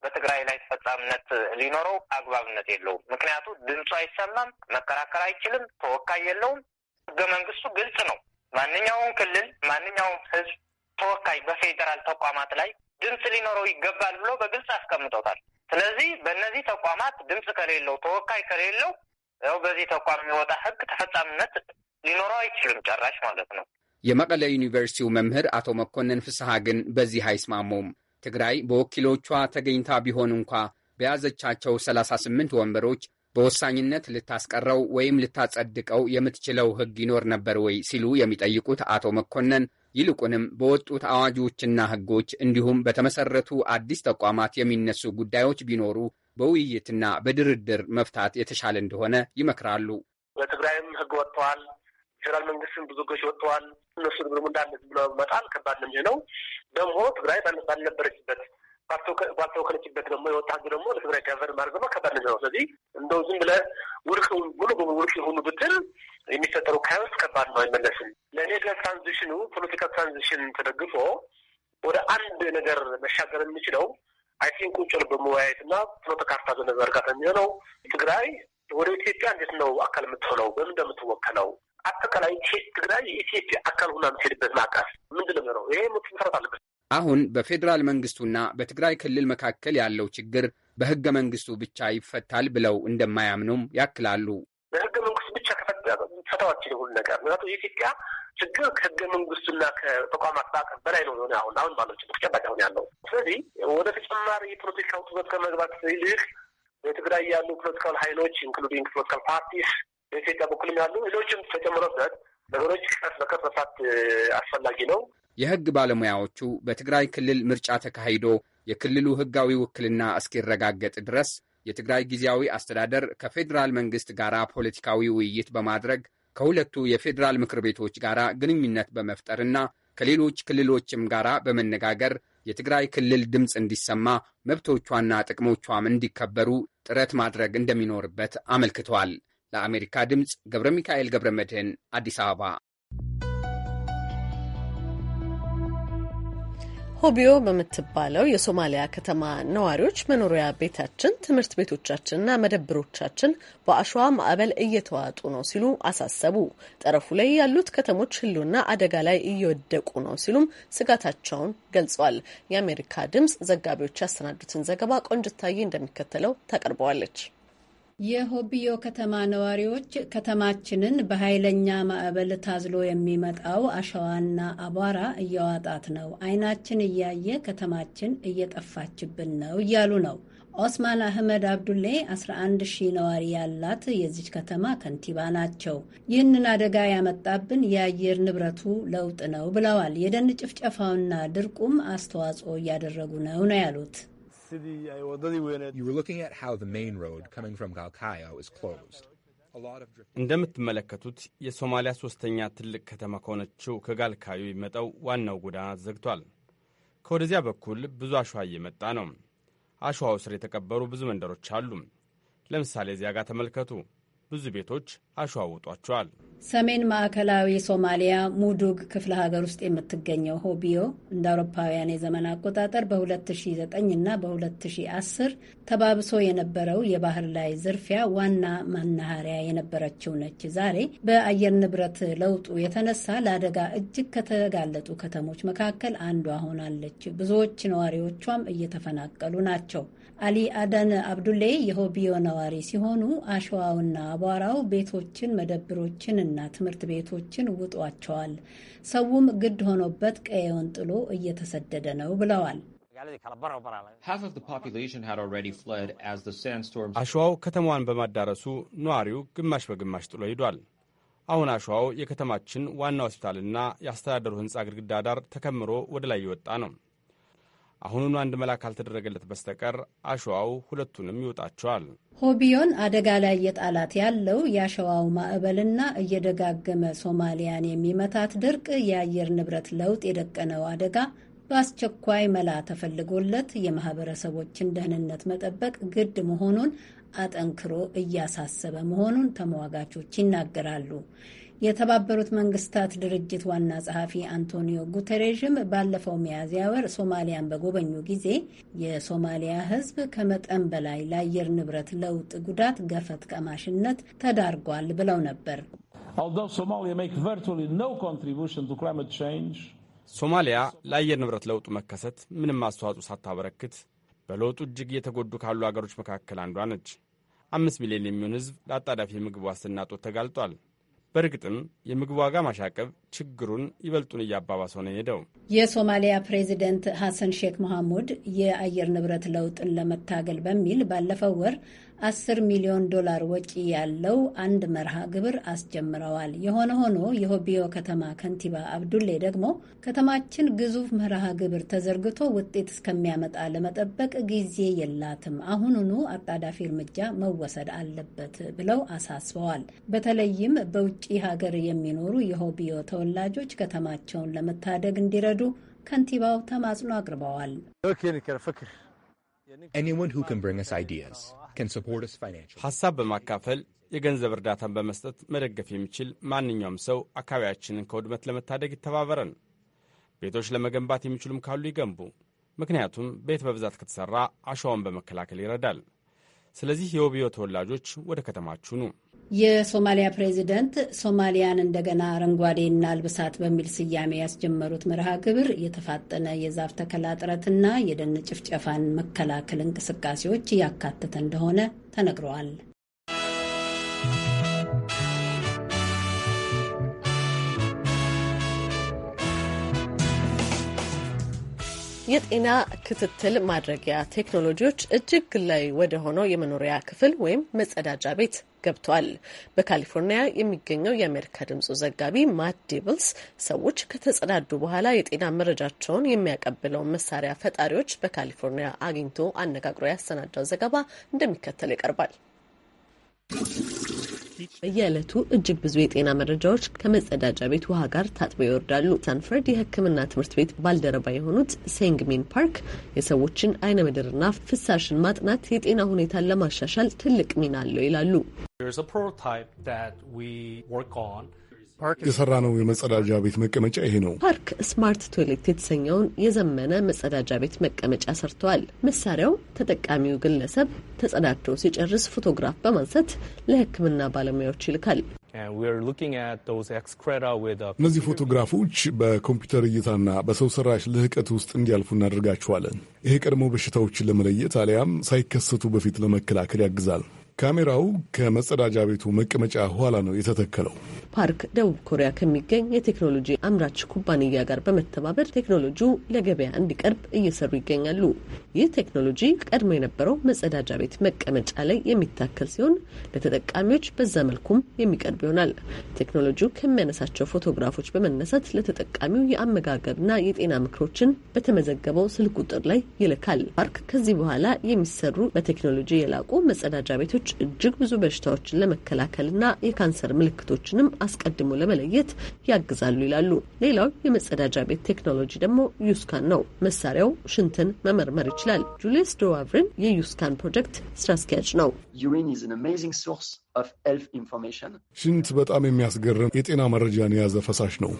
በትግራይ ላይ ተፈጻሚነት ሊኖረው አግባብነት የለውም። ምክንያቱ ድምፁ አይሰማም፣ መከራከር አይችልም፣ ተወካይ የለውም። ህገ መንግስቱ ግልጽ ነው። ማንኛውም ክልል ማንኛውም ህዝብ ተወካይ በፌዴራል ተቋማት ላይ ድምፅ ሊኖረው ይገባል ብሎ በግልጽ አስቀምጠታል። ስለዚህ በእነዚህ ተቋማት ድምፅ ከሌለው ተወካይ ከሌለው ያው በዚህ ተቋም የሚወጣ ህግ ተፈጻሚነት ሊኖረው አይችልም ጨራሽ ማለት ነው። የመቀለ ዩኒቨርሲቲው መምህር አቶ መኮንን ፍስሐ ግን በዚህ አይስማሙም። ትግራይ በወኪሎቿ ተገኝታ ቢሆን እንኳ በያዘቻቸው 38 ወንበሮች በወሳኝነት ልታስቀረው ወይም ልታጸድቀው የምትችለው ህግ ይኖር ነበር ወይ ሲሉ የሚጠይቁት አቶ መኮንን ይልቁንም በወጡት አዋጆችና ህጎች እንዲሁም በተመሰረቱ አዲስ ተቋማት የሚነሱ ጉዳዮች ቢኖሩ በውይይትና በድርድር መፍታት የተሻለ እንደሆነ ይመክራሉ። በትግራይም ህግ ወጥተዋል። ፌዴራል መንግስትም ብዙ ህጎች ወጥተዋል። እነሱ ደግሞ እንዳለ ብሎ መጣል ከባድ ነው የሚሆነው። ደግሞ ትግራይ ባልነበረችበት ባልተወከለችበት ደግሞ የወጣ ህግ ደግሞ ለትግራይ ገቨር ማድረግ ደግሞ ከባድ ነው የሚሆነው። ስለዚህ እንደው ዝም ብለህ ውድቅ ሙሉ በሙሉ ውድቅ የሆኑ ብትል የሚፈጠሩ ካዮስ ከባድ ነው፣ አይመለስም። ለእኔ ግን ትራንዚሽኑ ፖለቲካል ትራንዚሽን ተደግፎ ወደ አንድ ነገር መሻገር የሚችለው አይ ቲንክ በመወያየት እና ፍኖተ ካርታ በመዘርጋት የሚሆነው ትግራይ ወደ ኢትዮጵያ እንዴት ነው አካል የምትሆነው? በምን እንደምትወከለው አጠቃላይ ትግራይ የኢትዮጵያ አካል ሁና የምትሄድበት ማዕቀፍ ምንድን ነው? ይሄ መሰረት አለበት። አሁን በፌዴራል መንግስቱና በትግራይ ክልል መካከል ያለው ችግር በህገ መንግስቱ ብቻ ይፈታል ብለው እንደማያምኑም ያክላሉ። በህገ መንግስቱ ብቻ ከፈታዋችን ሁሉ ነገር ምክንያቱ የኢትዮጵያ ችግር ከህገ መንግስቱና ከተቋማት አቅም በላይ ነው ሆነ አሁን አሁን ባለው ችግር ተጨባጭ አሁን ያለው። ስለዚህ ወደ ተጨማሪ የፖለቲካ ውጥረት ከመግባት ይልቅ በትግራይ ያሉ ፖለቲካል ሀይሎች ኢንክሉዲንግ ፖለቲካል ፓርቲስ በኢትዮጵያ በኩልም ያሉ ሌሎችም ተጨምሮበት ነገሮች ቀስ በቀስ መሳት አስፈላጊ ነው። የህግ ባለሙያዎቹ በትግራይ ክልል ምርጫ ተካሂዶ የክልሉ ህጋዊ ውክልና እስኪረጋገጥ ድረስ የትግራይ ጊዜያዊ አስተዳደር ከፌዴራል መንግስት ጋር ፖለቲካዊ ውይይት በማድረግ ከሁለቱ የፌዴራል ምክር ቤቶች ጋር ግንኙነት በመፍጠርና ከሌሎች ክልሎችም ጋር በመነጋገር የትግራይ ክልል ድምፅ እንዲሰማ መብቶቿና ጥቅሞቿም እንዲከበሩ ጥረት ማድረግ እንደሚኖርበት አመልክቷል። ለአሜሪካ ድምፅ ገብረ ሚካኤል ገብረ መድህን አዲስ አበባ ሆቢዮ በምትባለው የሶማሊያ ከተማ ነዋሪዎች መኖሪያ ቤታችን፣ ትምህርት ቤቶቻችንና መደብሮቻችን በአሸዋ ማዕበል እየተዋጡ ነው ሲሉ አሳሰቡ። ጠረፉ ላይ ያሉት ከተሞች ሕልውና አደጋ ላይ እየወደቁ ነው ሲሉም ስጋታቸውን ገልጿል። የአሜሪካ ድምጽ ዘጋቢዎች ያሰናዱትን ዘገባ ቆንጅታዬ እንደሚከተለው ታቀርበዋለች። የሆቢዮ ከተማ ነዋሪዎች ከተማችንን በኃይለኛ ማዕበል ታዝሎ የሚመጣው አሸዋና አቧራ እየዋጣት ነው፣ አይናችን እያየ ከተማችን እየጠፋችብን ነው እያሉ ነው። ኦስማን አህመድ አብዱሌ 11 ሺህ ነዋሪ ያላት የዚች ከተማ ከንቲባ ናቸው። ይህንን አደጋ ያመጣብን የአየር ንብረቱ ለውጥ ነው ብለዋል። የደን ጭፍጨፋውና ድርቁም አስተዋጽኦ እያደረጉ ነው ነው ያሉት። እንደምትመለከቱት የሶማሊያ ሶስተኛ ትልቅ ከተማ ከሆነችው ከጋልካዩ የሚመጣው ዋናው ጎዳና ዘግቷል። ከወደዚያ በኩል ብዙ አሸዋ እየመጣ ነው። አሸዋው ስር የተቀበሩ ብዙ መንደሮች አሉ። ለምሳሌ እዚያ ጋር ተመልከቱ። ብዙ ቤቶች አሸዋውጧቸዋል። ሰሜን ማዕከላዊ ሶማሊያ ሙዱግ ክፍለ ሀገር ውስጥ የምትገኘው ሆቢዮ እንደ አውሮፓውያን የዘመን አቆጣጠር በ2009 እና በ2010 ተባብሶ የነበረው የባህር ላይ ዝርፊያ ዋና መናኸሪያ የነበረችው ነች። ዛሬ በአየር ንብረት ለውጡ የተነሳ ለአደጋ እጅግ ከተጋለጡ ከተሞች መካከል አንዷ ሆናለች። ብዙዎች ነዋሪዎቿም እየተፈናቀሉ ናቸው። አሊ አደን አብዱሌ የሆቢዮ ነዋሪ ሲሆኑ አሸዋውና አቧራው ቤቶችን፣ መደብሮችን እና ትምህርት ቤቶችን ውጧቸዋል። ሰውም ግድ ሆኖበት ቀየውን ጥሎ እየተሰደደ ነው ብለዋል። አሸዋው ከተማዋን በማዳረሱ ነዋሪው ግማሽ በግማሽ ጥሎ ሂዷል። አሁን አሸዋው የከተማችን ዋና ሆስፒታልና የአስተዳደሩ ሕንፃ ግድግዳ ዳር ተከምሮ ወደ ላይ የወጣ ነው። አሁኑን አንድ መላ ካልተደረገለት በስተቀር አሸዋው ሁለቱንም ይወጣቸዋል። ሆቢዮን አደጋ ላይ የጣላት ያለው የአሸዋው ማዕበልና እየደጋገመ ሶማሊያን የሚመታት ድርቅ የአየር ንብረት ለውጥ የደቀነው አደጋ በአስቸኳይ መላ ተፈልጎለት የማህበረሰቦችን ደህንነት መጠበቅ ግድ መሆኑን አጠንክሮ እያሳሰበ መሆኑን ተሟጋቾች ይናገራሉ። የተባበሩት መንግስታት ድርጅት ዋና ጸሐፊ አንቶኒዮ ጉተሬዥም ባለፈው ሚያዝያ ወር ሶማሊያን በጎበኙ ጊዜ የሶማሊያ ሕዝብ ከመጠን በላይ ለአየር ንብረት ለውጥ ጉዳት ገፈት ቀማሽነት ተዳርጓል ብለው ነበር። ሶማሊያ ለአየር ንብረት ለውጡ መከሰት ምንም አስተዋጽኦ ሳታበረክት በለውጡ እጅግ እየተጎዱ ካሉ አገሮች መካከል አንዷ ነች። አምስት ሚሊዮን የሚሆን ሕዝብ ለአጣዳፊ የምግብ ዋስትና ጦት ተጋልጧል። በእርግጥም የምግብ ዋጋ ማሻቀብ ችግሩን ይበልጡን እያባባሰው ነው የሄደው። የሶማሊያ ፕሬዚደንት ሐሰን ሼክ መሐሙድ የአየር ንብረት ለውጥን ለመታገል በሚል ባለፈው ወር 10 ሚሊዮን ዶላር ወጪ ያለው አንድ መርሃ ግብር አስጀምረዋል። የሆነ ሆኖ የሆቢዮ ከተማ ከንቲባ አብዱሌ ደግሞ ከተማችን ግዙፍ መርሃ ግብር ተዘርግቶ ውጤት እስከሚያመጣ ለመጠበቅ ጊዜ የላትም፣ አሁኑኑ አጣዳፊ እርምጃ መወሰድ አለበት ብለው አሳስበዋል። በተለይም በውጭ ሀገር የሚኖሩ የሆቢዮ ተወላጆች ከተማቸውን ለመታደግ እንዲረዱ ከንቲባው ተማጽኖ አቅርበዋል። anyone who can bring us ideas ሀሳብ በማካፈል የገንዘብ እርዳታን በመስጠት መደገፍ የሚችል ማንኛውም ሰው አካባቢያችንን ከውድመት ለመታደግ ይተባበረን። ቤቶች ለመገንባት የሚችሉም ካሉ ይገንቡ። ምክንያቱም ቤት በብዛት ከተሠራ አሸዋውን በመከላከል ይረዳል። ስለዚህ የወቢዮ ተወላጆች ወደ ከተማችሁ ኑ። የሶማሊያ ፕሬዚደንት ሶማሊያን እንደገና አረንጓዴ ልብሳት በሚል ስያሜ ያስጀመሩት መርሃ ግብር የተፋጠነ የዛፍ ተከላ ጥረትና የደን ጭፍጨፋን መከላከል እንቅስቃሴዎች እያካተተ እንደሆነ ተነግረዋል። የጤና ክትትል ማድረጊያ ቴክኖሎጂዎች እጅግ ግላዊ ወደ ሆነው የመኖሪያ ክፍል ወይም መጸዳጃ ቤት ገብቷል። በካሊፎርኒያ የሚገኘው የአሜሪካ ድምፁ ዘጋቢ ማት ዲብልስ ሰዎች ከተጸዳዱ በኋላ የጤና መረጃቸውን የሚያቀብለውን መሳሪያ ፈጣሪዎች በካሊፎርኒያ አግኝቶ አነጋግሮ ያሰናዳው ዘገባ እንደሚከተል ይቀርባል። በየዕለቱ እጅግ ብዙ የጤና መረጃዎች ከመጸዳጃ ቤት ውሃ ጋር ታጥበው ይወርዳሉ። ሳንፍረድ የሕክምና ትምህርት ቤት ባልደረባ የሆኑት ሴንግሚን ፓርክ የሰዎችን አይነ ምድርና ፍሳሽን ማጥናት የጤና ሁኔታን ለማሻሻል ትልቅ ሚና አለው ይላሉ። የሰራ ነው። የመጸዳጃ ቤት መቀመጫ ይሄ ነው። ፓርክ ስማርት ቶይሌት የተሰኘውን የዘመነ መጸዳጃ ቤት መቀመጫ ሰርተዋል። መሳሪያው ተጠቃሚው ግለሰብ ተጸዳድቶ ሲጨርስ ፎቶግራፍ በማንሳት ለሕክምና ባለሙያዎች ይልካል። እነዚህ ፎቶግራፎች በኮምፒውተር እይታና በሰው ሰራሽ ልህቀት ውስጥ እንዲያልፉ እናደርጋቸዋለን። ይሄ ቀድሞ በሽታዎችን ለመለየት አሊያም ሳይከሰቱ በፊት ለመከላከል ያግዛል። ካሜራው ከመጸዳጃ ቤቱ መቀመጫ ኋላ ነው የተተከለው። ፓርክ ደቡብ ኮሪያ ከሚገኝ የቴክኖሎጂ አምራች ኩባንያ ጋር በመተባበር ቴክኖሎጂው ለገበያ እንዲቀርብ እየሰሩ ይገኛሉ። ይህ ቴክኖሎጂ ቀድሞ የነበረው መጸዳጃ ቤት መቀመጫ ላይ የሚታከል ሲሆን ለተጠቃሚዎች በዛ መልኩም የሚቀርብ ይሆናል። ቴክኖሎጂው ከሚያነሳቸው ፎቶግራፎች በመነሳት ለተጠቃሚው የአመጋገብና የጤና ምክሮችን በተመዘገበው ስልክ ቁጥር ላይ ይልካል። ፓርክ ከዚህ በኋላ የሚሰሩ በቴክኖሎጂ የላቁ መጸዳጃ ቤቶች ሰዎች እጅግ ብዙ በሽታዎችን ለመከላከልና የካንሰር ምልክቶችንም አስቀድሞ ለመለየት ያግዛሉ ይላሉ። ሌላው የመጸዳጃ ቤት ቴክኖሎጂ ደግሞ ዩስካን ነው። መሳሪያው ሽንትን መመርመር ይችላል። ጁሊየስ ዶዋቭርን የዩስካን ፕሮጀክት ስራ አስኪያጅ ነው። ሽንት በጣም የሚያስገርም የጤና መረጃን የያዘ ፈሳሽ ነው።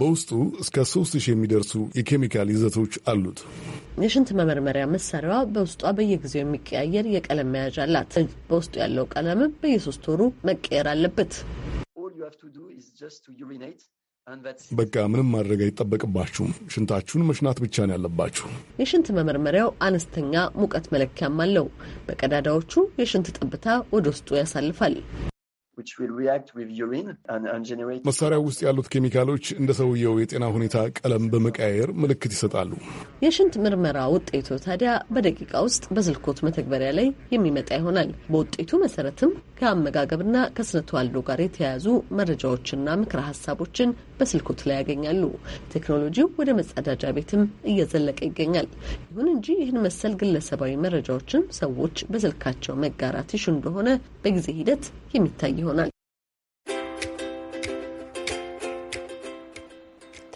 በውስጡ እስከ 3000 የሚደርሱ የኬሚካል ይዘቶች አሉት። የሽንት መመርመሪያ መሳሪያዋ በውስጧ በየጊዜው የሚቀያየር የቀለም መያዣ አላት። በውስጡ ያለው ቀለምም በየሶስት ወሩ መቀየር አለበት። በቃ ምንም ማድረግ አይጠበቅባችሁም። ሽንታችሁን መሽናት ብቻ ነው ያለባችሁ። የሽንት መመርመሪያው አነስተኛ ሙቀት መለኪያም አለው። በቀዳዳዎቹ የሽንት ጠብታ ወደ ውስጡ ያሳልፋል። መሳሪያው ውስጥ ያሉት ኬሚካሎች እንደ ሰውየው የጤና ሁኔታ ቀለም በመቀያየር ምልክት ይሰጣሉ። የሽንት ምርመራ ውጤቱ ታዲያ በደቂቃ ውስጥ በስልኮት መተግበሪያ ላይ የሚመጣ ይሆናል። በውጤቱ መሰረትም ከአመጋገብና ከስነ ተዋልዶ ጋር የተያያዙ መረጃዎችና ምክረ ሀሳቦችን በስልኮት ላይ ያገኛሉ። ቴክኖሎጂው ወደ መጸዳጃ ቤትም እየዘለቀ ይገኛል። ይሁን እንጂ ይህን መሰል ግለሰባዊ መረጃዎችን ሰዎች በስልካቸው መጋራት ይሹ እንደሆነ በጊዜ ሂደት የሚታይ ይሆናል።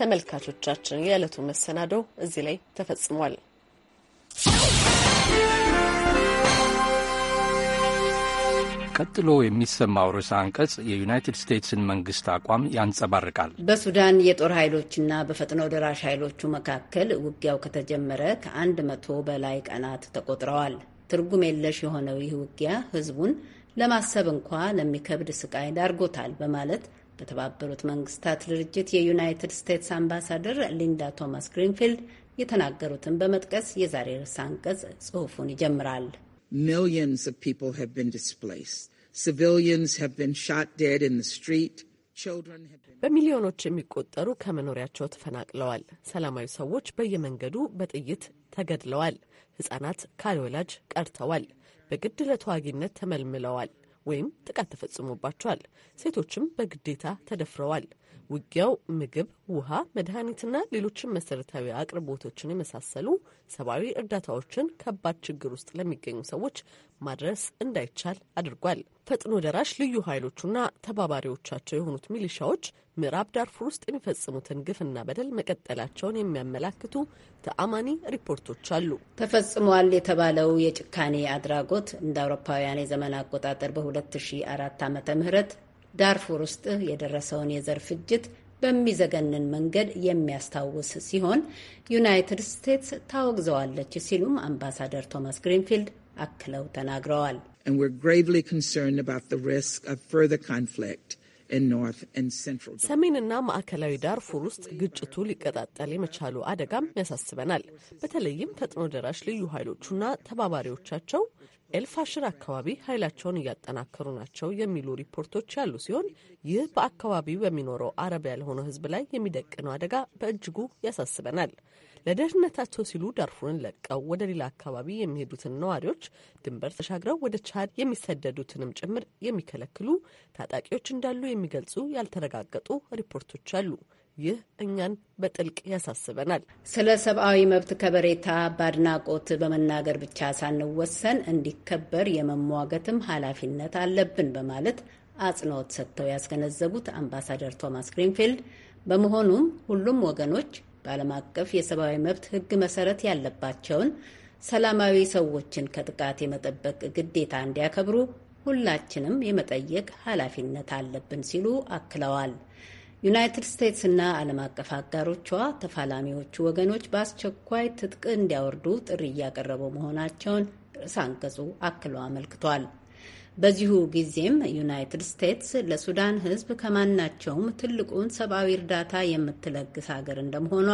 ተመልካቾቻችን የዕለቱ መሰናዶ እዚህ ላይ ተፈጽሟል። ቀጥሎ የሚሰማው ርዕሰ አንቀጽ የዩናይትድ ስቴትስን መንግስት አቋም ያንጸባርቃል። በሱዳን የጦር ኃይሎችና በፈጥኖ ደራሽ ኃይሎቹ መካከል ውጊያው ከተጀመረ ከአንድ መቶ በላይ ቀናት ተቆጥረዋል። ትርጉም የለሽ የሆነው ይህ ውጊያ ህዝቡን ለማሰብ እንኳ ለሚከብድ ስቃይ ዳርጎታል በማለት በተባበሩት መንግስታት ድርጅት የዩናይትድ ስቴትስ አምባሳደር ሊንዳ ቶማስ ግሪንፊልድ የተናገሩትን በመጥቀስ የዛሬ ርዕሰ አንቀጽ ጽሑፉን ይጀምራል። millions of people have been displaced. Civilians have been shot dead in the street. በሚሊዮኖች የሚቆጠሩ ከመኖሪያቸው ተፈናቅለዋል። ሰላማዊ ሰዎች በየመንገዱ በጥይት ተገድለዋል። ሕጻናት ካለ ወላጅ ቀርተዋል። በግድ ለተዋጊነት ተመልምለዋል ወይም ጥቃት ተፈጽሞባቸዋል። ሴቶችም በግዴታ ተደፍረዋል። ውጊያው ምግብ፣ ውሃ፣ መድኃኒትና ሌሎችን መሰረታዊ አቅርቦቶችን የመሳሰሉ ሰብአዊ እርዳታዎችን ከባድ ችግር ውስጥ ለሚገኙ ሰዎች ማድረስ እንዳይቻል አድርጓል። ፈጥኖ ደራሽ ልዩ ኃይሎቹና ተባባሪዎቻቸው የሆኑት ሚሊሻዎች ምዕራብ ዳርፉር ውስጥ የሚፈጽሙትን ግፍና በደል መቀጠላቸውን የሚያመላክቱ ተአማኒ ሪፖርቶች አሉ። ተፈጽሟል የተባለው የጭካኔ አድራጎት እንደ አውሮፓውያን የዘመን አቆጣጠር በ2004 ዓ.ም ዳርፉር ውስጥ የደረሰውን የዘር ፍጅት በሚዘገንን መንገድ የሚያስታውስ ሲሆን ዩናይትድ ስቴትስ ታወግዘዋለች ሲሉም አምባሳደር ቶማስ ግሪንፊልድ አክለው ተናግረዋል። ሰሜንና ማዕከላዊ ዳርፉር ውስጥ ግጭቱ ሊቀጣጠል የመቻሉ አደጋም ያሳስበናል። በተለይም ፈጥኖ ደራሽ ልዩ ኃይሎቹና ተባባሪዎቻቸው ኤልፋሽር አካባቢ ኃይላቸውን እያጠናከሩ ናቸው የሚሉ ሪፖርቶች ያሉ ሲሆን ይህ በአካባቢው በሚኖረው አረብ ያልሆነው ሕዝብ ላይ የሚደቅነው አደጋ በእጅጉ ያሳስበናል። ለደህንነታቸው ሲሉ ዳርፉርን ለቀው ወደ ሌላ አካባቢ የሚሄዱትን ነዋሪዎች፣ ድንበር ተሻግረው ወደ ቻድ የሚሰደዱትንም ጭምር የሚከለክሉ ታጣቂዎች እንዳሉ የሚገልጹ ያልተረጋገጡ ሪፖርቶች አሉ። ይህ እኛን በጥልቅ ያሳስበናል። ስለ ሰብአዊ መብት ከበሬታ በአድናቆት በመናገር ብቻ ሳንወሰን እንዲከበር የመሟገትም ኃላፊነት አለብን በማለት አጽንኦት ሰጥተው ያስገነዘቡት አምባሳደር ቶማስ ግሪንፊልድ በመሆኑም ሁሉም ወገኖች በዓለም አቀፍ የሰብአዊ መብት ሕግ መሰረት ያለባቸውን ሰላማዊ ሰዎችን ከጥቃት የመጠበቅ ግዴታ እንዲያከብሩ ሁላችንም የመጠየቅ ኃላፊነት አለብን ሲሉ አክለዋል። ዩናይትድ እና ዓለም አቀፍ አጋሮቿ ተፋላሚዎቹ ወገኖች በአስቸኳይ ትጥቅ እንዲያወርዱ ጥሪ እያቀረቡ መሆናቸውን ርዕሰ አንቀጹ አክሎ አመልክቷል። በዚሁ ጊዜም ዩናይትድ ስቴትስ ለሱዳን ሕዝብ ከማናቸውም ትልቁን ሰብአዊ እርዳታ የምትለግስ ሀገር እንደመሆኗ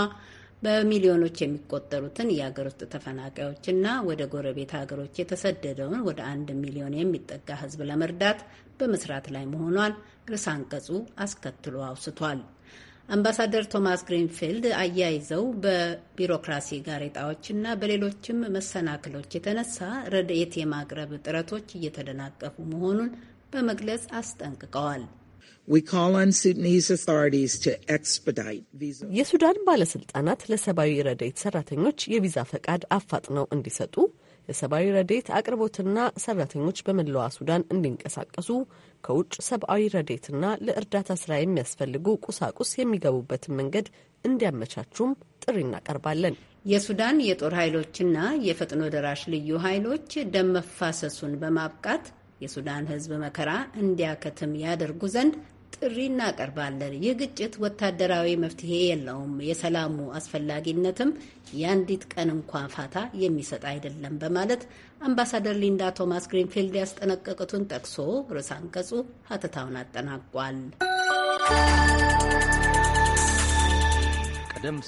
በሚሊዮኖች የሚቆጠሩትን የአገር ውስጥ ተፈናቃዮችና ወደ ጎረቤት ሀገሮች የተሰደደውን ወደ አንድ ሚሊዮን የሚጠጋ ሕዝብ ለመርዳት በመስራት ላይ መሆኗን ርዕሰ አንቀጹ አስከትሎ አውስቷል። አምባሳደር ቶማስ ግሪንፊልድ አያይዘው በቢሮክራሲ ጋሬጣዎችና በሌሎችም መሰናክሎች የተነሳ ረድኤት የማቅረብ ጥረቶች እየተደናቀፉ መሆኑን በመግለጽ አስጠንቅቀዋል። የሱዳን ባለስልጣናት ለሰብአዊ ረድኤት ሰራተኞች የቪዛ ፈቃድ አፋጥነው እንዲሰጡ ለሰብአዊ ረዴት አቅርቦትና ሰራተኞች በመላዋ ሱዳን እንዲንቀሳቀሱ ከውጭ ሰብአዊ ረዴትና ለእርዳታ ስራ የሚያስፈልጉ ቁሳቁስ የሚገቡበትን መንገድ እንዲያመቻቹም ጥሪ እናቀርባለን። የሱዳን የጦር ኃይሎችና የፈጥኖ ደራሽ ልዩ ኃይሎች ደም መፋሰሱን በማብቃት የሱዳን ሕዝብ መከራ እንዲያከትም ያደርጉ ዘንድ ጥሪ እናቀርባለን። ይህ ግጭት ወታደራዊ መፍትሄ የለውም። የሰላሙ አስፈላጊነትም የአንዲት ቀን እንኳ ፋታ የሚሰጥ አይደለም በማለት አምባሳደር ሊንዳ ቶማስ ግሪንፊልድ ያስጠነቀቁትን ጠቅሶ ርዕሰ አንቀጹ ሀተታውን አጠናቋል። ቀደም